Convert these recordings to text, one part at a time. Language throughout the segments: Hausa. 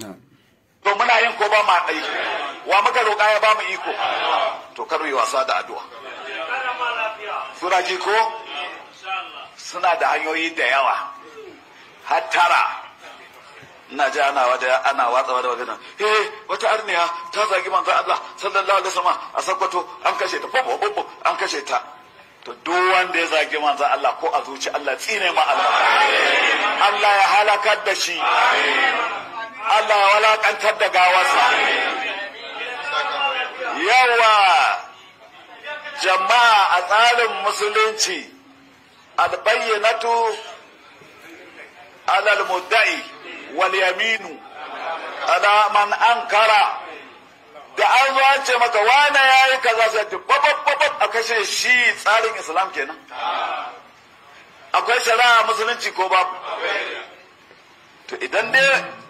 to muna yin ko ba ma ɗai wa muka roƙa ya ba mu iko to kar yi wasa da addu'a suraji ko suna da hanyoyi da yawa hattara ina ji ana wada ana watsawa da maganan eh wata arniya ta zagi manzo Allah sallallahu alaihi wasallam a sakwato, an kashe ta popo, popo, an kashe ta to duk wanda ya zagi manzo Allah ko a zuci Allah tsine ma Allah Allah ya halakar da shi Allah ya walakantar da gawarsa yawa jama'a a tsarin musulunci albayyanatu alal mudda'i wal yaminu ala man ankara da an zo an ce maka wane ya yi kaza sai ta babab a kashe shi tsarin islam kenan akwai shari'a musulunci ko babu to idan dai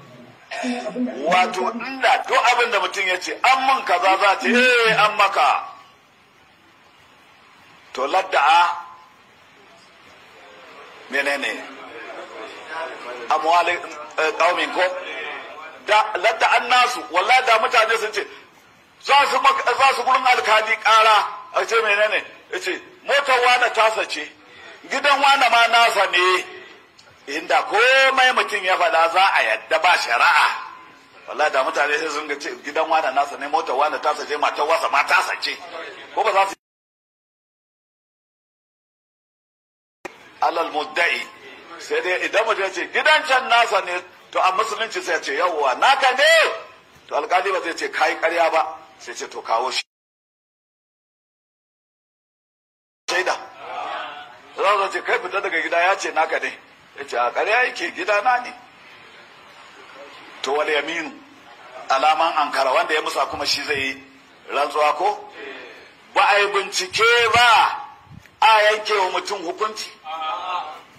wato inda duk abin da mutum ya ce an mun kaza za ta eh an maka to ladda'a menene amwali kaumin eh, ko da ladda an nasu wallahi da mutane sun ce za su za su gurin alkali kara a ce menene yace motar wani tasa ce gidan wani ma nasa ne inda komai mutum ya faɗa za a yadda ba shari'a wallahi da mutane sai sun ga gidan wani nasa ne motar wani ta sace, matar wasa ma sace, ko ba za su alal muddai sai dai idan mutum ya ce gidan can nasa ne to a musulunci sai ce yawwa naka ne to alkali ba zai ce kai ƙarya ba sai ce to kawo shi shaida za su ce kai fita daga gida ya ce naka ne yace a ƙarya yake gidana ne to wal yaminu alaman ankara wanda ya musa kuma shi zai rantsuwa ko ba a yi bincike ba a yanke wa mutum hukunci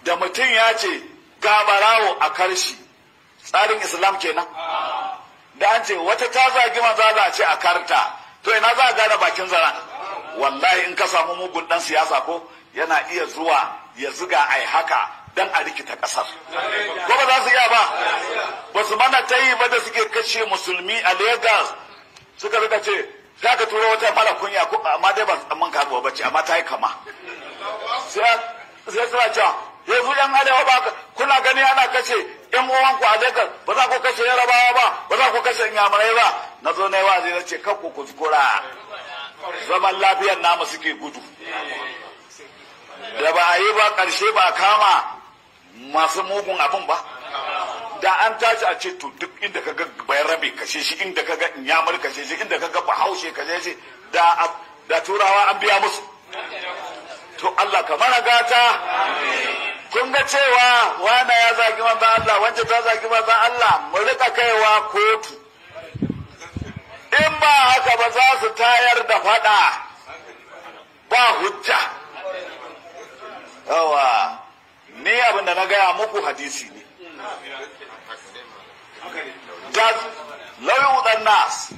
da mutum ya ce gabarawo a karshi tsarin islam kenan da an ce wata ta zagi maza a ce a karta to ina za a gane bakin zara? wallahi in ka samu mugun dan siyasa ko yana iya zuwa ya ziga ai haka don a rikita kasar ko ba za su iya ba ba su mana ta yi ba da suke kashe musulmi a Legas. suka rika ce za ka turo wata mara kunya amma dai ba tsamman kaguwa ba ce amma ta yi kama sai suna cewa yanzu yan arewa ba kuna gani ana kashe yan uwan ku a lagos ba za ku kashe yarabawa ba ba za ku kashe yamurai ba na zo na yi wazi na ce kan ku kuskura zaman lafiyar namu suke gudu da ba a yi ba ƙarshe ba kama masu mugun abin ba da an tashi a ce to duk inda ka ga bayan rabe kashe shi inda ka ga nyamar kashe shi inda ka ga bahaushe kashe shi da da turawa an biya musu to Allah ka mana gata kun ga cewa wanda ya zagi manzon Allah wanda ta zagi manzon Allah mu rika kaiwa kotu in ba haka ba za su tayar da fada ba hujja yawa ni abin da na gaya muku hadisi ne da lauyu nas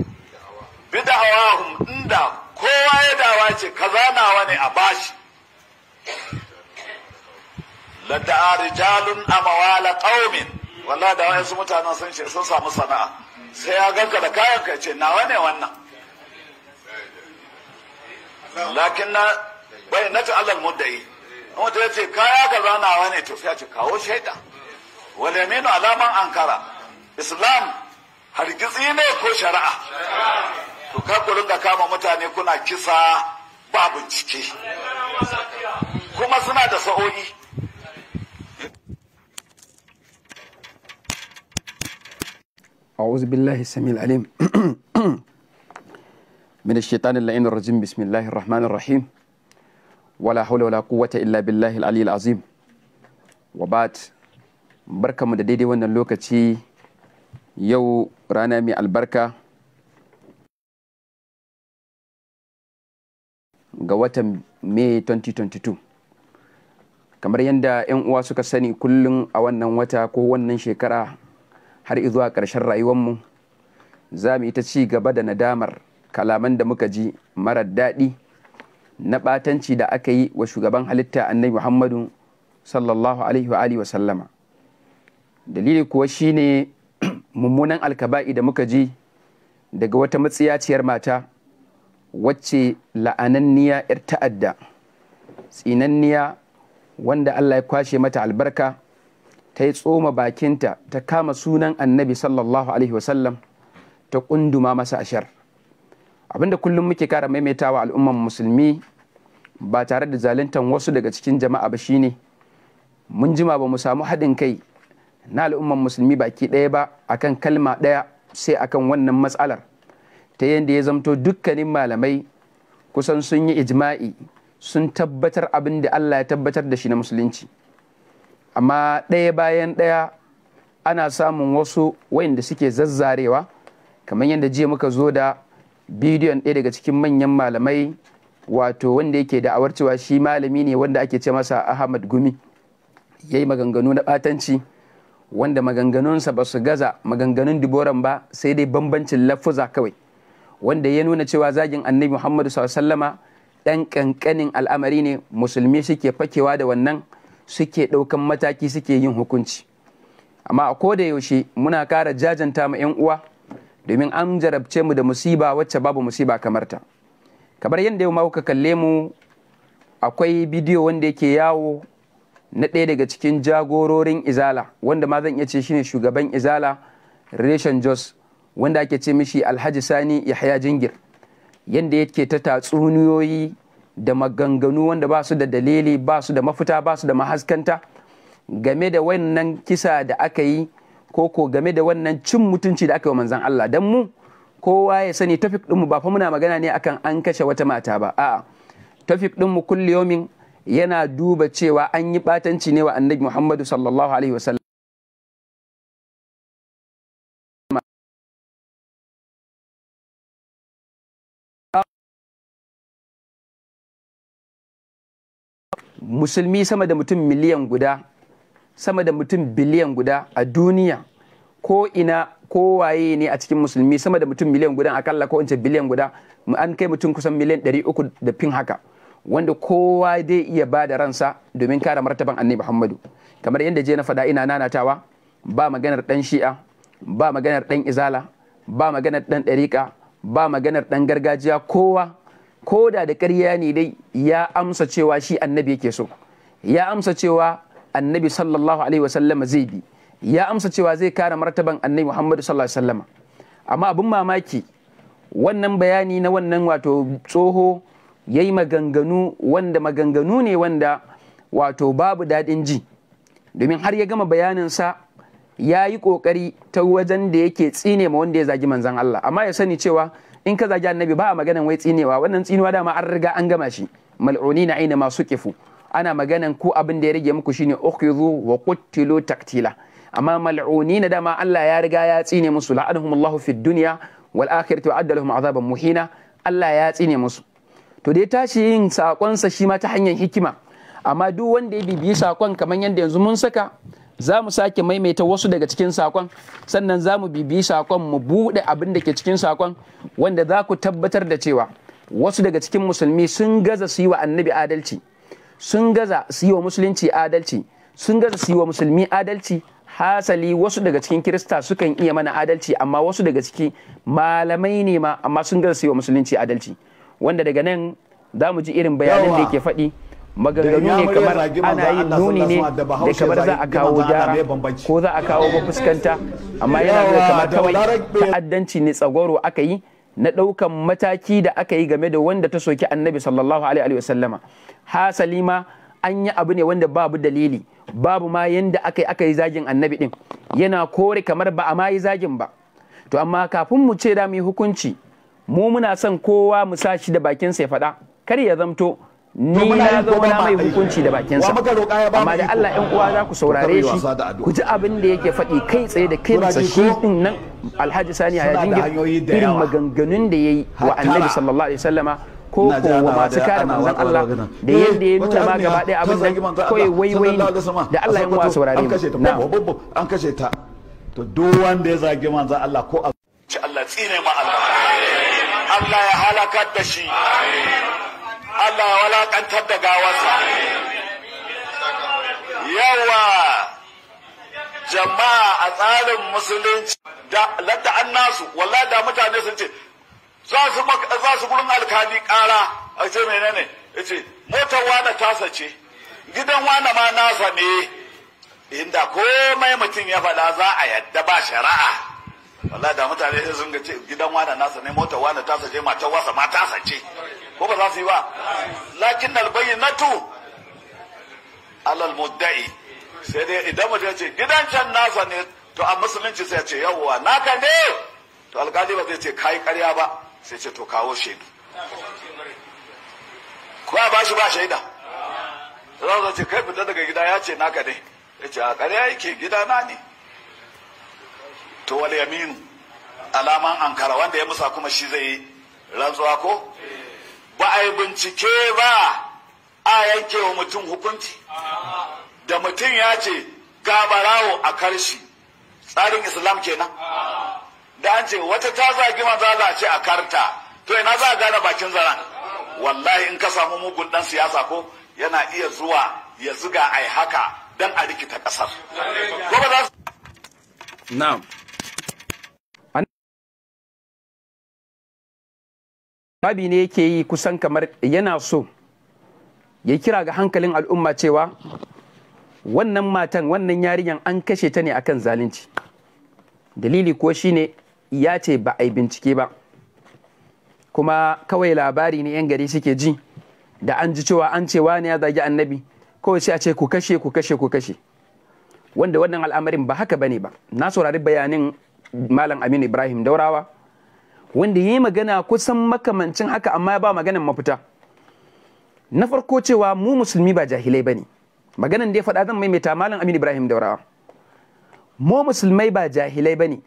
bi da'awahum inda kowa ya dawa ce kaza ne a bashi la a rijalun mawala ƙaumin wallahi da wayansu mutanen sun ce sun samu sana'a sai ya ganka da kayan ka ce nawa ne wannan lakin na bayyana alal muddai wata ya ce kaya ga nawa ne to sai ce kawo shaida wal yaminu alaman ankara islam hargitsi ne ko shari'a to ka ku rinka kama mutane kuna kisa ba bincike kuma suna da sa'o'i أعوذ بالله السميع العليم من الشيطان اللعين الرجيم بسم الله الرحمن الرحيم wala haula wala quwwata illa billahi al azim wa bat barkamu da daidai wannan lokaci yau rana mai albarka ga watan may 2022 kamar yadda 'yan uwa suka sani kullum a wannan wata ko wannan shekara har zuwa ƙarshen rayuwarmu za mu yi ta ci gaba da nadamar kalaman da muka ji marar daɗi na ɓatanci da aka yi wa shugaban halitta annabi muhammadu sallallahu alaihi wa alihi sallama dalili kuwa shine mummunan alkaba'i da muka ji daga wata matsiyaciyar mata wacce la'ananniya 'yar ta'adda tsinanniya wanda allah ya kwashe mata albarka ta yi tsoma bakinta ta kama sunan annabi sallallahu alaihi wasallam ta ƙunduma masa ashar abinda kullum muke kara maimaitawa al'ummar musulmi ba tare da zaluntar wasu daga cikin jama'a ba shine mun jima ba mu samu haɗin kai na al'ummar musulmi baki ɗaya ba akan kalma ɗaya sai akan wannan matsalar ta yadda ya zamto dukkanin malamai kusan sun yi ijma'i sun tabbatar abin da Allah ya tabbatar da shi na musulunci amma ɗaya bayan ɗaya ana samun wasu wayanda suke zazzarewa kamar yadda jiya muka zo da bidiyon ɗaya daga cikin manyan malamai wato wanda yake da'awar cewa shi malami ne wanda ake ce masa ahmad gumi ya yi maganganu na ɓatanci wanda maganganunsa ba su gaza maganganun diboran ba sai dai bambancin lafuza kawai wanda ya nuna cewa zagin annabi muhammadu sallama ɗan ƙanƙanin al'amari ne musulmi suke fakewa da wannan suke ɗaukan mataki suke yin hukunci amma a ko da yaushe muna kara jajanta ma 'yan uwa domin an jarabce mu da musiba wacce babu musiba kamar ta kamar yadda yau kalle mu akwai bidiyo wanda yake yawo na ɗaya daga cikin jagororin izala wanda ma zan iya ce shine shugaban izala reshen jos wanda ake ce mishi alhaji sani yahya jingir yadda yake ta tatsuniyoyi da maganganu wanda ba su da dalili ba su da mafita ba su da mahaskanta game da wannan kisa da aka yi koko game da wannan cin mutunci da aka yi wa manzan Allah dan mu kowa ya sani tafik ɗinmu ba fa muna magana ne akan an kashe wata mata ba a tafik ɗinmu kulle yomin yana duba cewa an yi batanci ne wa annabi Muhammadu sallallahu alaihi wasallam musulmi sama da mutum miliyan guda sama da mutum biliyan guda a duniya ko ina ko waye ne a cikin musulmi sama da mutum miliyan guda akalla ko ince biliyan guda an kai mutum kusan miliyan uku da fin haka wanda kowa dai iya ba da ransa domin kare martaban annabi muhammadu kamar yadda je na faɗa ina nanatawa ba maganar ɗan shi'a ba maganar ɗan izala ba maganar ɗan ɗariƙa ba maganar ɗan gargajiya kowa ko da da ƙarya ne dai ya amsa cewa shi annabi yake so ya amsa cewa annabi sallallahu alaihi wasallama zai bi ya amsa cewa zai kare martaban annabi muhammadu sallallahu alaihi wasallama amma abin mamaki wannan bayani na wannan wato tsoho ya yi maganganu wanda maganganu ne wanda wato babu daɗin ji domin har ya gama bayaninsa ya yi ƙoƙari ta wajen da yake tsine ma wanda ya zagi manzan Allah amma ya sani cewa in ka zagi annabi ba a maganan wai tsinewa wannan tsinewa dama an riga an gama shi mal'uni na aina masu kifu ana maganan ko abin da ya rage muku shine ukhidhu wa qutilu taktila amma mal'uni na dama Allah ya riga ya tsine musu Allah fid dunya wal akhirati wa addalahum azaban muhina Allah ya tsine musu to dai tashi yin sakonsa shi ma ta hanyar hikima amma duk wanda ya bibiyi sakon kamar yadda yanzu mun saka za mu sake maimaita wasu daga cikin sakon sannan za mu bibiyi sakon mu bude abin da ke cikin sakon wanda za ku tabbatar da cewa wasu daga cikin musulmi sun gaza su yi wa annabi adalci sun gaza su yi wa musulunci adalci sun gaza su yi wa musulmi adalci hasali wasu daga cikin kirista sukan iya mana adalci amma wasu daga ciki malamai ne ma amma sun gaza su yi wa musulunci adalci wanda daga nan za mu ji irin bayanin da yake faɗi maganganu ne kamar ana yin nuni ne da kamar za a kawo gyara ko za a kawo fuskanta amma yana da kamar kawai ta'addanci ne tsagoro aka yi na ɗaukan mataki da aka yi game da wanda ta soki annabi sallallahu alaihi sallama hasali ma an yi abu ne wanda babu dalili babu ma yanda aka yi aka yi zagin annabi din yana kore kamar ba a ma yi zagin ba to amma kafin mu ce da mu yi hukunci mu muna son kowa mu sa shi da bakin ya faɗa kar ya zamto ni na zo na mai hukunci da bakinsa amma da Allah ɗan uwa za ku saurare shi ku ji abin da yake faɗi kai tsaye da kansa shi din nan Alhaji Sani ya jingir irin maganganun da yayi wa Annabi sallallahu alaihi wasallama ko kowa masu kare manzon Allah da yadda ya eh, nuna ma gaba ɗaya abin nan kawai waiwai ne da Allah ya uwa saurare mu an kashe ta to duk wanda ya zage manzon Allah ko a ci Allah tsine ma Allah Allah ya halakar da shi Allah ya walakantar da gawarsa yawa jama'a a tsarin musulunci da ladda an nasu wallahi da mutane sun ce za su za su gurin alkali kara a ce menene yace motar wana tasa ce gidan wani ma nasa ne inda komai mutum ya faɗa za a yadda ba shari'a wallahi da mutane sun ga gidan wani nasa ne motar wana tasa ce matar wasa ma tasa ce ko ba za su yi ba lakin albayyinatu alal mudda'i sai dai idan mutum ce gidan can nasa ne to a musulunci sai ce yawwa naka ne to alkali ba zai ce yi karya ba sai ce to kawo shaidu ko a ba shi ba shaida za su ce kai fita daga gida ya ce naka ne ya ce a karya yake gida na ne to wal yaminu alaman ankara wanda ya musa kuma shi zai yi rantsuwa ko ba a yi bincike ba a yanke wa mutum hukunci da mutum ya ce gabarawo a karshe tsarin islam kenan da an ce wata ta zagi maza za a ce a karta to ina za a gane bakin zaren wallahi in ka samu mugun dan siyasa ko yana iya zuwa ya ziga ai haka dan a rikita kasar. Na'am. babi ne yake yi kusan kamar yana so ya kira ga hankalin al'umma cewa wannan matan wannan yarinyan an kashe ta ne akan zalunci dalili shi shine ya ce ba a yi bincike ba kuma kawai labari ne 'yan gari suke ji da an ji cewa an cewa ne ya zagi annabi kawai sai a ce ku kashe ku kashe ku kashe wanda wannan al'amarin ba haka bane ba na saurari bayanin malam aminu ibrahim daurawa wanda ya yi magana kusan makamancin haka amma ya ba maganan mafita na farko cewa mu musulmi ba jahilai ba ne maganan da ya faɗa zan maimaita malam amin ibrahim daurawa mu musulmai ba jahilai bane.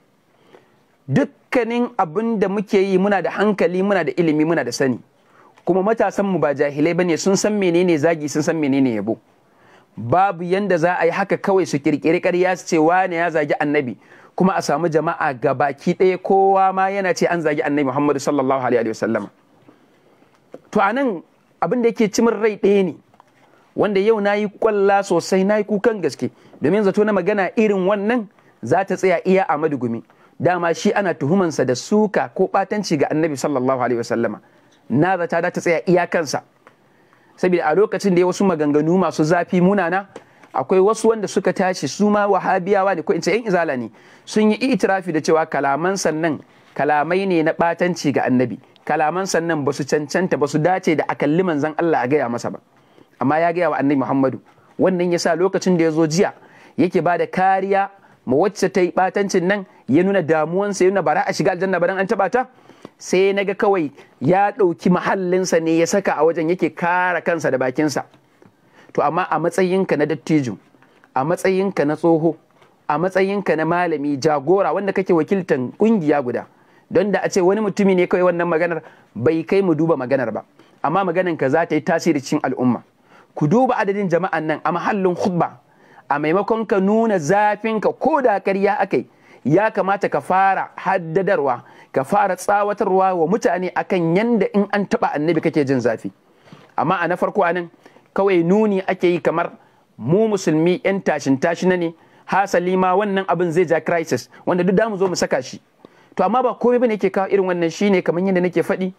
dukkanin abin da muke yi muna da hankali muna da ilimi muna da sani kuma matasanmu ba jahilai bane ne sun san menene zagi sun san menene yabo babu yanda za a yi haka kawai su kirkiri ƙarya su ce wane ya zagi annabi kuma a samu jama'a ga baki ɗaya kowa ma yana ce an zagi annabi Muhammadu sallallahu alaihi wasallama to anan abin da yake cimin rai ɗaya ne wanda yau na yi kwalla sosai na yi kukan gaske domin zato na magana irin wannan za ta tsaya iya a madugumi dama shi ana tuhumansa da suka ko ɓatanci ga annabi sallallahu alaihi sallama na zata za ta tsaya iya kansa saboda a lokacin da ya wasu maganganu masu zafi munana akwai wasu wanda suka tashi su ma wahabiyawa ne ko in ce yan izala ne sun yi itirafi da cewa kalaman sannan kalamai ne na batanci ga annabi kalaman sannan ba su cancanta ba su dace da akalli manzan Allah a gaya masa ba amma ya gaya wa annabi Muhammadu wannan yasa lokacin da ya zo jiya yake bada kariya ma wacce ta yi batancin nan ya nuna damuwansa ya nuna bara a shiga aljanna ba dan an taba ta sai naga kawai ya ɗauki mahallinsa ne ya saka a wajen yake kara kansa da bakinsa to amma a matsayinka na dattijo a matsayinka na tsoho a matsayinka na malami jagora wanda kake wakiltan kungiya guda don da a ce wani mutumi ne kawai wannan maganar bai kai mu duba maganar ba amma maganar ka za ta yi tasiri cikin al'umma ku duba adadin jama'an nan a mahallin khutba a maimakon ka nuna zafin ka ko da ƙarya akai ya kamata ka fara haddadarwa ka fara tsawatarwa wa mutane akan yanda in an taba annabi kake jin zafi amma a na farko anan kawai nuni ake yi kamar mu musulmi 'yan tashin na ne hasali ma wannan abin zai ja crisis wanda duk damu zo mu saka shi to amma ba komai bane yake kawo irin wannan shine kamar yadda nake faɗi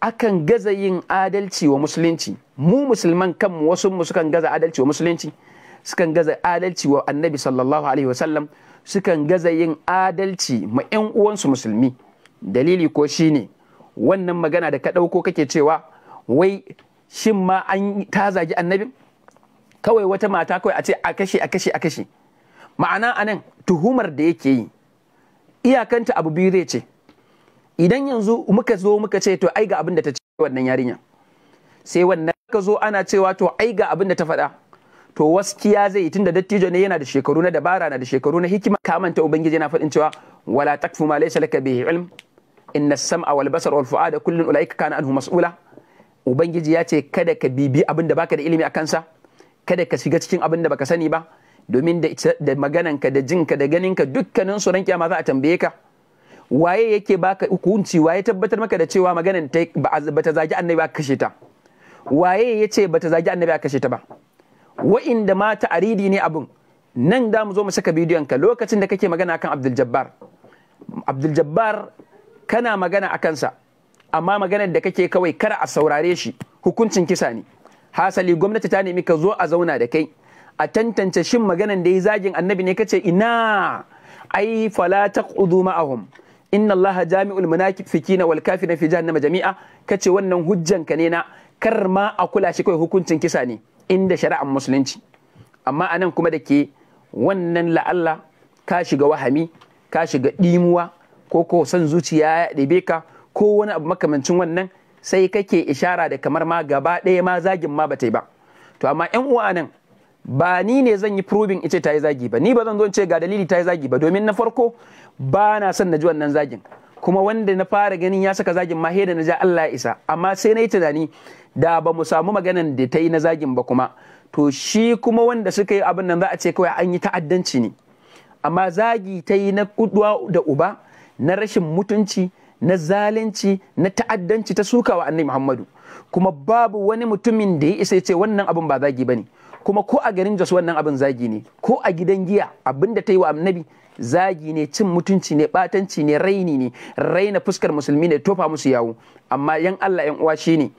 akan gaza yin adalci wa musulunci mu musulman kanmu wasu mu sukan gaza adalci wa musulunci sukan gaza adalci wa annabi sallallahu alaihi wasallam sukan gaza yin adalci ma 'yan uwansu musulmi dalili ko shine wannan magana da ka ɗauko kake cewa wai shin ma an ta zagi annabin kawai wata mata kawai a ce a kashe a kashe a kashe ma'ana anan tuhumar da yake yi iyakanta abu biyu zai ce idan yanzu muka zo muka ce to ai ga abin da ta ce wannan yarinya sai wannan ka zo ana cewa to ai ga abin da ta faɗa to waskiya zai yi tunda dattijo ne yana da shekaru na dabara na da shekaru na hikima kamanta ubangiji yana faɗin cewa wala takfu ma laysa laka bihi ilm inna as-sam'a wal basara wal fu'ada kullun ulaika kana anhu mas'ula ubangiji ya ce kada ka bibi abin da baka da ilimi a kansa kada ka shiga cikin abin da baka sani ba domin da magananka da jinka da ganinka dukkanin su ran ma za a tambaye ka waye yake baka hukunci waye tabbatar maka da cewa maganan ta bata zagi annabi a kashe ta waye ya ce bata zagi annabi ba kashe ta ba wa'inda ma ridi ne abin nan da mu zo mu saka bidiyon ka lokacin da kake magana kan Abdul Jabbar Abdul Jabbar kana magana a kansa amma maganar da kake kawai kar a saurare shi hukuncin kisa ne hasali gwamnati ta nemi ka zo a zauna da kai a tantance shin maganan da yi zagin annabi ne kace ina ai fala taqudu ma'ahum inna Allah jami'ul munafiqina wal kafirina fi na jami'a kace wannan hujjan ka ne na kar ma a kula shi kai hukuncin kisa ne inda shari'ar musulunci amma anan kuma da ke wannan la'alla ka shiga wahami ka shiga dimuwa ko ko san zuciya ya ɗebe ka ko wani abu makamancin wannan sai kake ishara da kamar ma gaba ɗaya ma zagin ma bata yi ba to amma yan uwa nan ba ni ne zan yi probing ice ta yi zagi ba ni ba zan zo ce ga dalili ta yi zagi ba domin na farko ba na son na ji wannan zagin kuma wanda na fara ganin ya saka zagin ma da na ja Allah ya isa amma sai na yi tunani da ba mu samu maganan da ta yi na zagin ba kuma to shi kuma wanda suka yi abin nan za a ce kawai an yi ta'addanci ne amma zagi ta yi na kuduwa da uba na rashin mutunci na zalunci na ta'addanci ta suka wa annabi Muhammadu kuma babu wani mutumin da ya isa ya ce wannan abin ba zagi bane kuma ko a garin Jos wannan abin zagi ne ko a gidan giya abin da ta yi wa annabi zagi ne cin mutunci ne batanci ne raini ne raina fuskar musulmi ne tofa musu yawo amma yan Allah yan uwa shine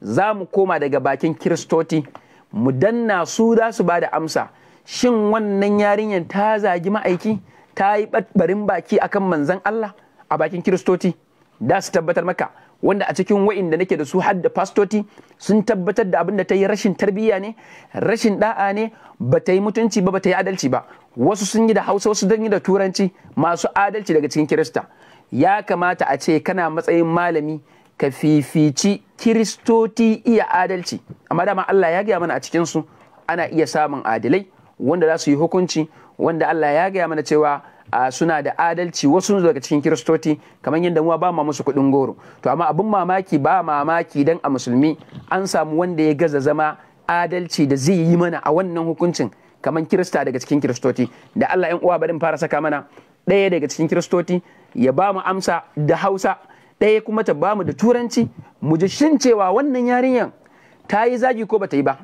za mu koma daga bakin kiristoti mu danna su za su bada amsa shin wannan yarinyar ta zagi ma'aiki ta yi barin baki akan Manzon Allah a bakin kiristoti da su tabbatar maka wanda a cikin wa'inda nake da su har da fastoti sun tabbatar da abin da ta yi rashin tarbiyya ne rashin da'a ne ba ta yi mutunci ba ba ta yi adalci ba wasu sun yi da hausa wasu sun yi da turanci masu adalci daga cikin kirista ya kamata a ce kana matsayin malami ka fifici kiristoti iya adalci amma dama Allah ya gaya mana a cikinsu ana iya samun adalai wanda za su yi hukunci wanda Allah ya gaya mana cewa suna da adalci wasu daga cikin kiristoci kamar yadda muwa ba ma musu kuɗin goro to amma abin mamaki ba mamaki dan a musulmi an samu wanda ya gaza zama adalci da zai yi mana a wannan hukuncin kamar kirista daga cikin kiristoci da Allah yan uwa barin fara saka mana ɗaya daga cikin kiristoci ya ba mu amsa da Hausa ɗaya kuma ta ba mu da turanci mu ji shin cewa wannan yarinyan ta yi zagi ko bata yi ba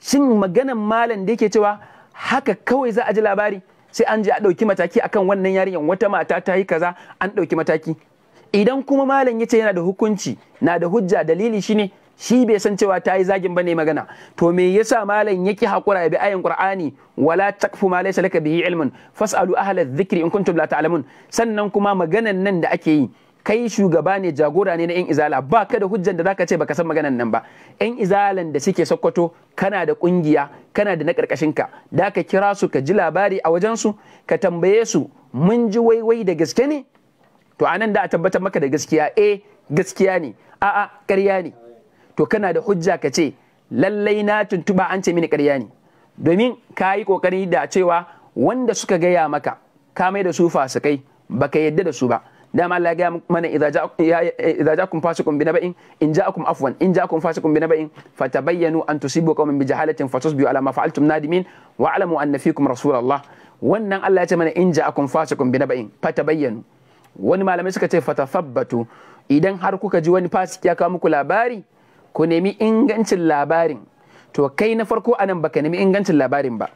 shin maganan malam da yake cewa haka kawai za a ji labari sai an je a ɗauki mataki akan wannan yarinyar wata mata ta yi kaza an ɗauki mataki idan kuma malam ya ce yana da hukunci na da hujja dalili shine shi bai san cewa ta yi zagin bane magana to me yasa malam yake hakura ya bi ayin qur'ani wala takfu ma laysa laka bihi ilmun fasalu ahla dhikri in kuntum la ta'lamun sannan kuma maganan nan da ake yi kai shugaba ne jagora ne na yan izala ba ka da hujjan da zaka ce baka san maganan nan ba yan izalan da suke sokoto kana da kungiya kana da na karkashin ka da ka kira su ka ji labari a wajen su ka tambaye su mun ji waiwai da gaske ne to anan da a tabbatar maka da gaskiya eh gaskiya ne a'a ƙarya ne to kana da hujja ka ce lallai na tuntuba an ce mini ƙarya ne domin ka yi kokari da cewa wanda suka gaya maka ka mai da su fasikai baka yadda da su ba dama Allah ya ga mana idza ja'akum fasiqun binaba'in in ja'akum afwan in ja'akum fasiqun binaba'in fatabayyanu an tusibu qauman jahalatin fatusbihu ala ma fa'altum nadimin wa alamu anna fikum rasulullah wannan Allah ya ce mana in ja'akum fasiqun binaba'in fatabayyanu wani malamai suka ce fatathabbatu idan har kuka ji wani fasiki ya kawo muku labari ku nemi ingancin labarin to kai na farko anan baka nemi ingancin labarin ba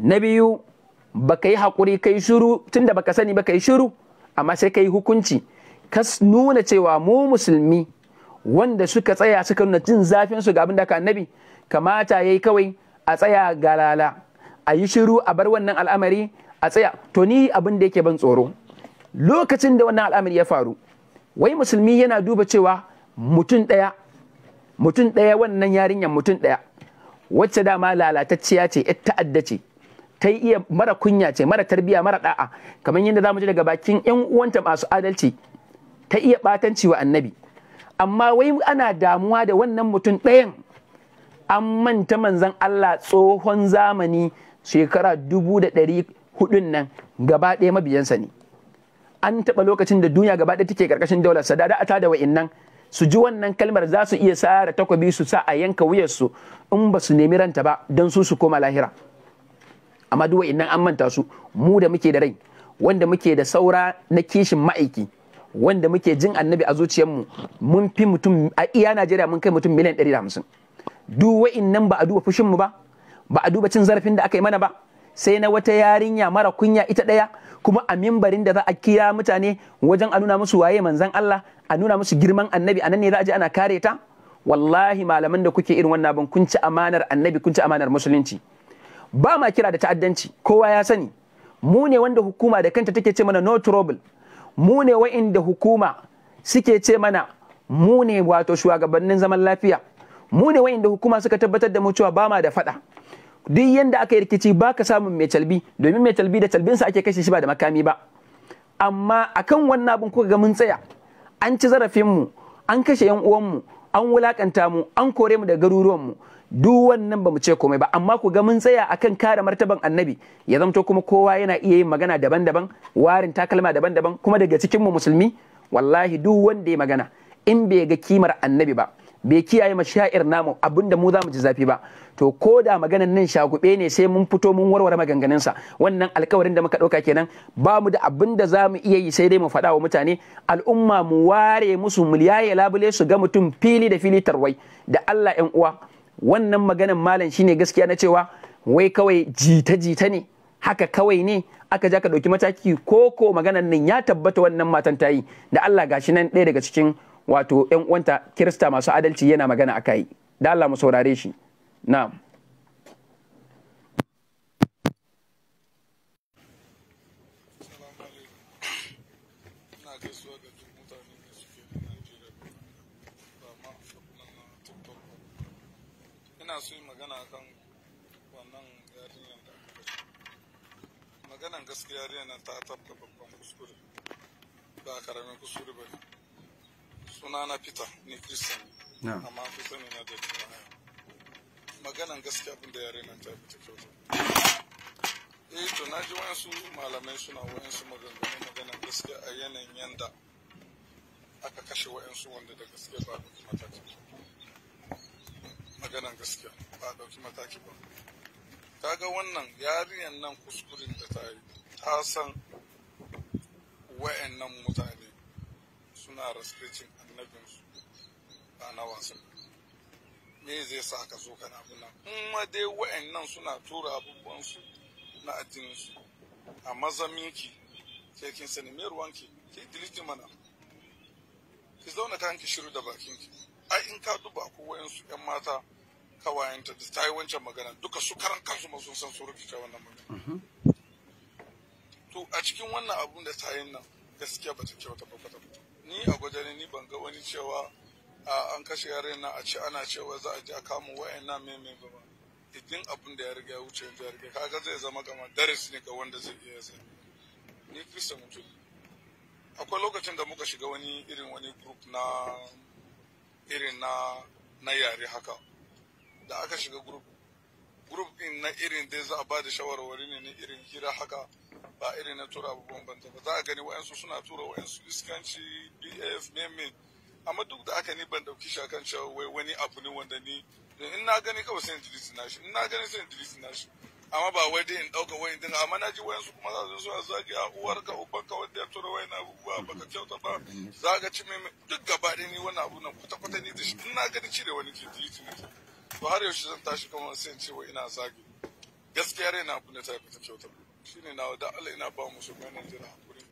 na biyu baka yi haƙuri kai shiru tunda baka sani baka yi shiru amma sai ka yi hukunci ka nuna cewa mu musulmi wanda suka tsaya suka nuna jin zafin su ga abin da ka annabi kamata yayi kawai a tsaya galala a yi shiru a bar wannan al'amari a tsaya to ni abin da yake ban tsoro lokacin da wannan al'amari ya faru wai musulmi yana duba cewa mutum ɗaya mutum ɗaya wannan yarinyar mutum ɗaya wacce dama lalatacciya ce ita ta'adda ce ta iya mara kunya ce mara tarbiya mara da'a kamar yadda zamu ji daga bakin yan uwanta masu adalci ta iya batanci wa annabi amma wai ana damuwa da wannan mutum ɗayan an manta manzan Allah tsohon zamani shekara dubu da ɗari hudun nan gaba ɗaya mabiyansa ne an taɓa lokacin da duniya gaba ɗaya take ƙarƙashin daular sa da tada wa'in nan su ji wannan kalmar za su iya sara takobi su sa a yanka wuyar su in ba su nemi ranta ba don su su koma lahira. amma duk wa'annan an manta su mu da muke da rai wanda muke da saura na kishin ma'aiki wanda muke jin annabi a zuciyarmu mun fi mutum a iya Najeriya mun kai mutum miliyan ɗari da hamsin duk wa'annan ba a duba fushin mu ba ba a duba cin zarafin da aka yi mana ba sai na wata yarinya mara kunya ita ɗaya kuma a mimbarin da za a kira mutane wajen a nuna musu waye manzan Allah a nuna musu girman annabi a nan ne za a je ana kare ta wallahi malaman da kuke irin wannan abin kun ci amanar annabi kun ci amanar musulunci ba ma kira da ta'addanci kowa ya sani mu ne wanda hukuma da kanta take ce mana no trouble mu ne wa'inda hukuma suke ce mana mu ne wato shugabannin zaman lafiya mu ne wa'inda hukuma suka tabbatar da mu cewa ba ma da faɗa duk yanda aka yi rikici ba ka samun mai calbi domin mai calbi da calbinsa ake kashe shi ba da makami ba amma akan wannan abin kuka ga mun tsaya an ci zarafinmu an kashe yan uwanmu an wulakanta mu an kore mu da garuruwanmu duk wannan ba mu ce komai ba amma ku ga mun tsaya akan kare martaban annabi ya zamto kuma kowa yana iya yin magana daban-daban warin takalma daban-daban kuma daga cikin mu musulmi wallahi duk wanda ya magana in bai ga kimar annabi ba bai kiyaye mashair namu abinda mu za mu ji zafi ba to ko da maganan nan shagube ne sai mun fito mun warware maganganun sa wannan alkawarin da muka ɗauka kenan ba mu da abin da za mu iya yi sai dai mu faɗa wa mutane al'umma mu ware musu mu labule su ga mutum fili da fili tarwai da Allah 'yan uwa wannan maganan malam shine gaskiya na cewa wai kawai jita jita ne haka kawai ne aka ja ka ɗauki mataki ko ko maganan nan ya tabbata wannan matan ta yi da Allah gashi nan ɗaya daga cikin wato 'yan uwanta kirista masu adalci yana magana a yi da Allah mu saurare shi na'am ta tafka babban kuskure ba karamin kuskure ba suna na fita ni kristan amma an fi sani na da jima'aya maganan gaskiya abin da yare nan ta fita kyauta eh to na ji wayansu malamai suna wayansu maganganu maganan gaskiya a yanayin yanda aka kashe wayansu wanda da gaskiya ba a ɗauki mataki maganan gaskiya ba a ɗauki mataki ba kaga wannan yariyan nan kuskurin da ta yi ta san wa'annan mutane suna raskicin annabinsu ba na wasu me zai sa ka zo kana abin nan kuma dai wa'annan suna tura abubuwansu na addininsu a mazaminki ke kin sani me ruwanki ki diliti mana ki zauna kan ki shiru da bakinki ai in ka duba ko wayansu yan mata kawayenta da ta yi wancan magana duka su karan kansu masu san su rubuta wannan magana mm-hmm. to a cikin wannan abun da ta yi nan gaskiya ba ta kyauta ba kwata ni a gwajen ni ban ga wani cewa an kashe yaren nan a ce ana cewa za a je a kamu wa'yan nan mai ba idan abun da ya riga ya wuce yanzu ya riga kaga zai zama kamar darasi ne ga wanda zai iya zai ni kristo mutum akwai lokacin da muka shiga wani irin wani group na irin na na yare haka da aka shiga group group din na irin dai za a ba da shawarwari ne na irin hira haka ba irin na tura abubuwan banta ba za a gani wa'yansu suna tura wa'yansu iskanci bf meme amma duk da aka ni ban dauki shi akan cewa wai wani abu ne wanda ni in na gani kawai sai in delete na shi in na gani sai in delete na shi amma ba wai dai in dauka wai din amma na ji wayansu kuma za su zo a zagi a ah, uwarka ubanka wanda ya tura wayan abubuwa baka kyauta ba zaga ci meme duk gaba ni wannan abu nan kwata-kwata ni da shi in na gani cire wani ke delete na shi to har yaushe zan tashi kuma sai ce wa ina zagi gaskiya rai na abin da ta fita kyauta shine na da Allah ina ba mu shugaban Najeriya hakuri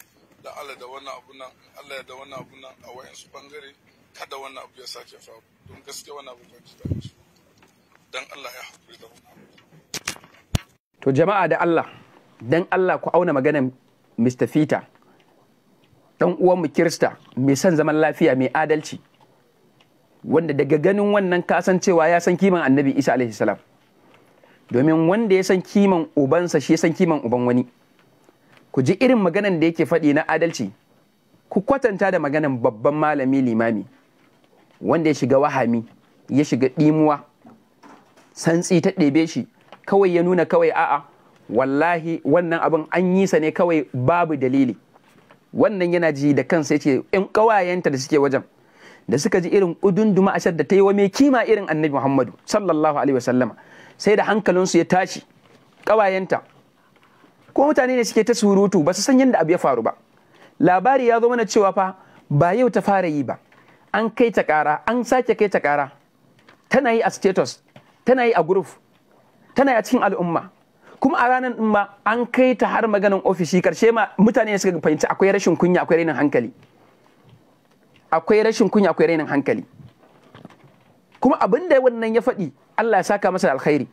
da Allah da wannan abun nan Allah da wannan abun nan a wayansu bangare kada wannan abu ya sake faru don gaskiya wannan abu ban ji daɗi shi dan Allah ya hakuri da wannan to jama'a da Allah dan Allah ku auna maganar Mr. Fita dan uwanmu Kirista mai son zaman lafiya mai adalci wanda daga ganin wannan kasancewa ya san kiman annabi isa alaihi salam domin wanda ya san kiman ubansa shi ya san kiman uban wani ku ji irin maganan da yake faɗi na adalci ku kwatanta da maganan babban malami limami wanda ya shiga wahami ya shiga ɗimuwa santsi ta ɗebe shi kawai ya nuna kawai a'a wallahi wannan abin an yi sa ne kawai babu dalili wannan yana ji da kansa ya ce 'yan ƙawayenta da suke wajen da suka ji irin udun ashar da ta yi wa mai kima irin annabi muhammadu sallallahu alaihi wasallama sai da hankalinsu ya tashi ƙawayenta ko mutane ne suke ta surutu ba su san yadda abu ya faru ba labari ya zo mana cewa fa ba yau ta fara yi ba an kai ta ƙara an sake kai ta ƙara tana yi a status tana yi a group tana yi a cikin al'umma kuma a ranar ɗin ma an kai ta har maganin ofishi karshe ma mutane suka fahimci akwai rashin kunya akwai rainin hankali akwai rashin kunya akwai rainin hankali kuma abin da wannan ya faɗi Allah ya saka masa alkhairi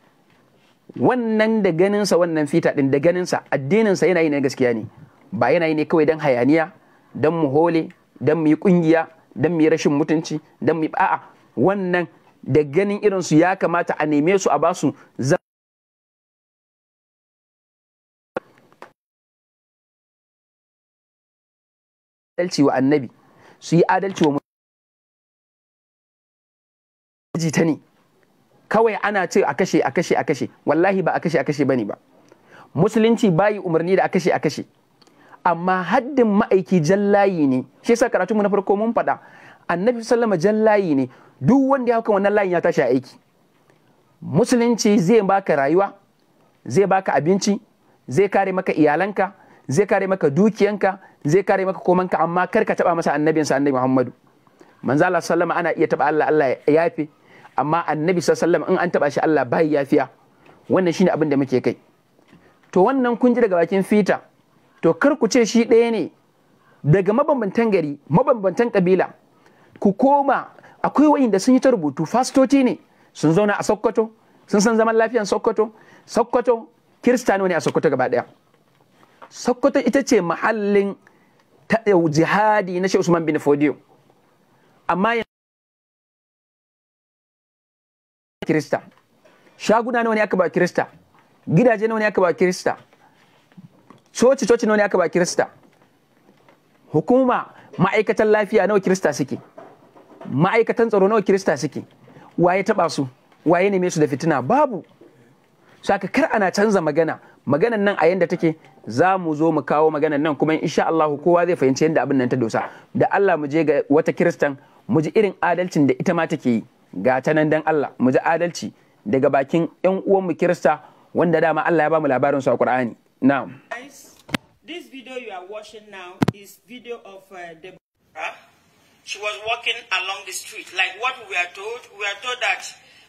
wannan da ganinsa wannan fita din da ganinsa addininsa yana yi ne gaskiya ne ba yana yi ne kawai don hayaniya don muhole dan don mu yi ƙungiya don mu rashin mutunci don mu yi a'a wannan da ganin irin su ya kamata a neme su a basu za wa annabi su yi adalci wa miji ta ne kawai ana ce a kashe a kashe a kashe wallahi ba a kashe a kashe bane ba musulunci bayi umarni da a kashe a kashe amma haddin ma'aiki jallayi ne shi yasa karatunmu na farko mun faɗa annabi sallama jallayi ne duk wanda ya hauka wannan layin ya tashi aiki musulunci zai baka rayuwa zai baka abinci zai kare maka iyalanka zai kare maka dukiyanka zai kare maka komanka amma kar ka taba masa annabinsa annabi Muhammadu manzo Allah sallama ana iya taba Allah Allah ya yafe amma annabi sallama in an taba shi Allah bai yafiya wannan shine abin da muke kai to wannan kun ji daga bakin fita to kar ku ce shi ɗaya ne daga mabambantan gari mabambantan kabila ku koma akwai da sun yi ta rubutu fastoci ne sun zauna a sokoto sun san zaman lafiyan sokoto sokoto kiristano ne a sokoto gaba ɗaya. sokoto ita ce mahallin Eh, jihadi na shi Usman bin Fodiyo amma Kirista shaguna nawa ne aka ba Kirista gidaje nawa ne aka ba Kirista coci coci nawa ne aka ba Kirista hukuma ma'aikatan lafiya nawa Kirista suke ma'aikatan tsaro nawa Kirista suke waye taba su waye neme su da fitina babu saka kar ana canza magana maganan nan a yanda take za mu zo mu kawo maganan nan kuma insha Allah kowa zai fahimci yadda abin nan ta dosa da Allah mu je ga wata kiristan mu ji irin adalcin da ita ma take yi ga ta nan dan Allah mu ji adalci daga bakin yan uwan mu kirista wanda dama Allah ya ba mu labarin su a Qur'ani na'am This video you are watching now is video of the... Uh, She was walking along the street. Like what we are told, we are told that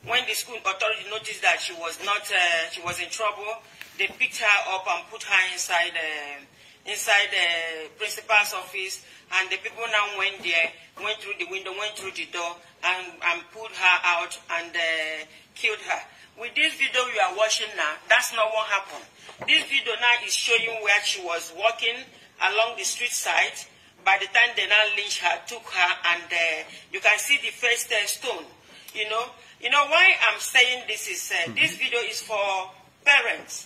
When the school authority noticed that she was not, uh, she was in trouble, they picked her up and put her inside uh, inside the uh, principal's office, and the people now went there, went through the window, went through the door, and, and pulled her out and uh, killed her. With this video you are watching now, that's not what happened. This video now is showing where she was walking along the street side. By the time they now lynched her, took her, and uh, you can see the first uh, stone, you know. You know why I'm saying this is, uh, mm-hmm. this video is for parents.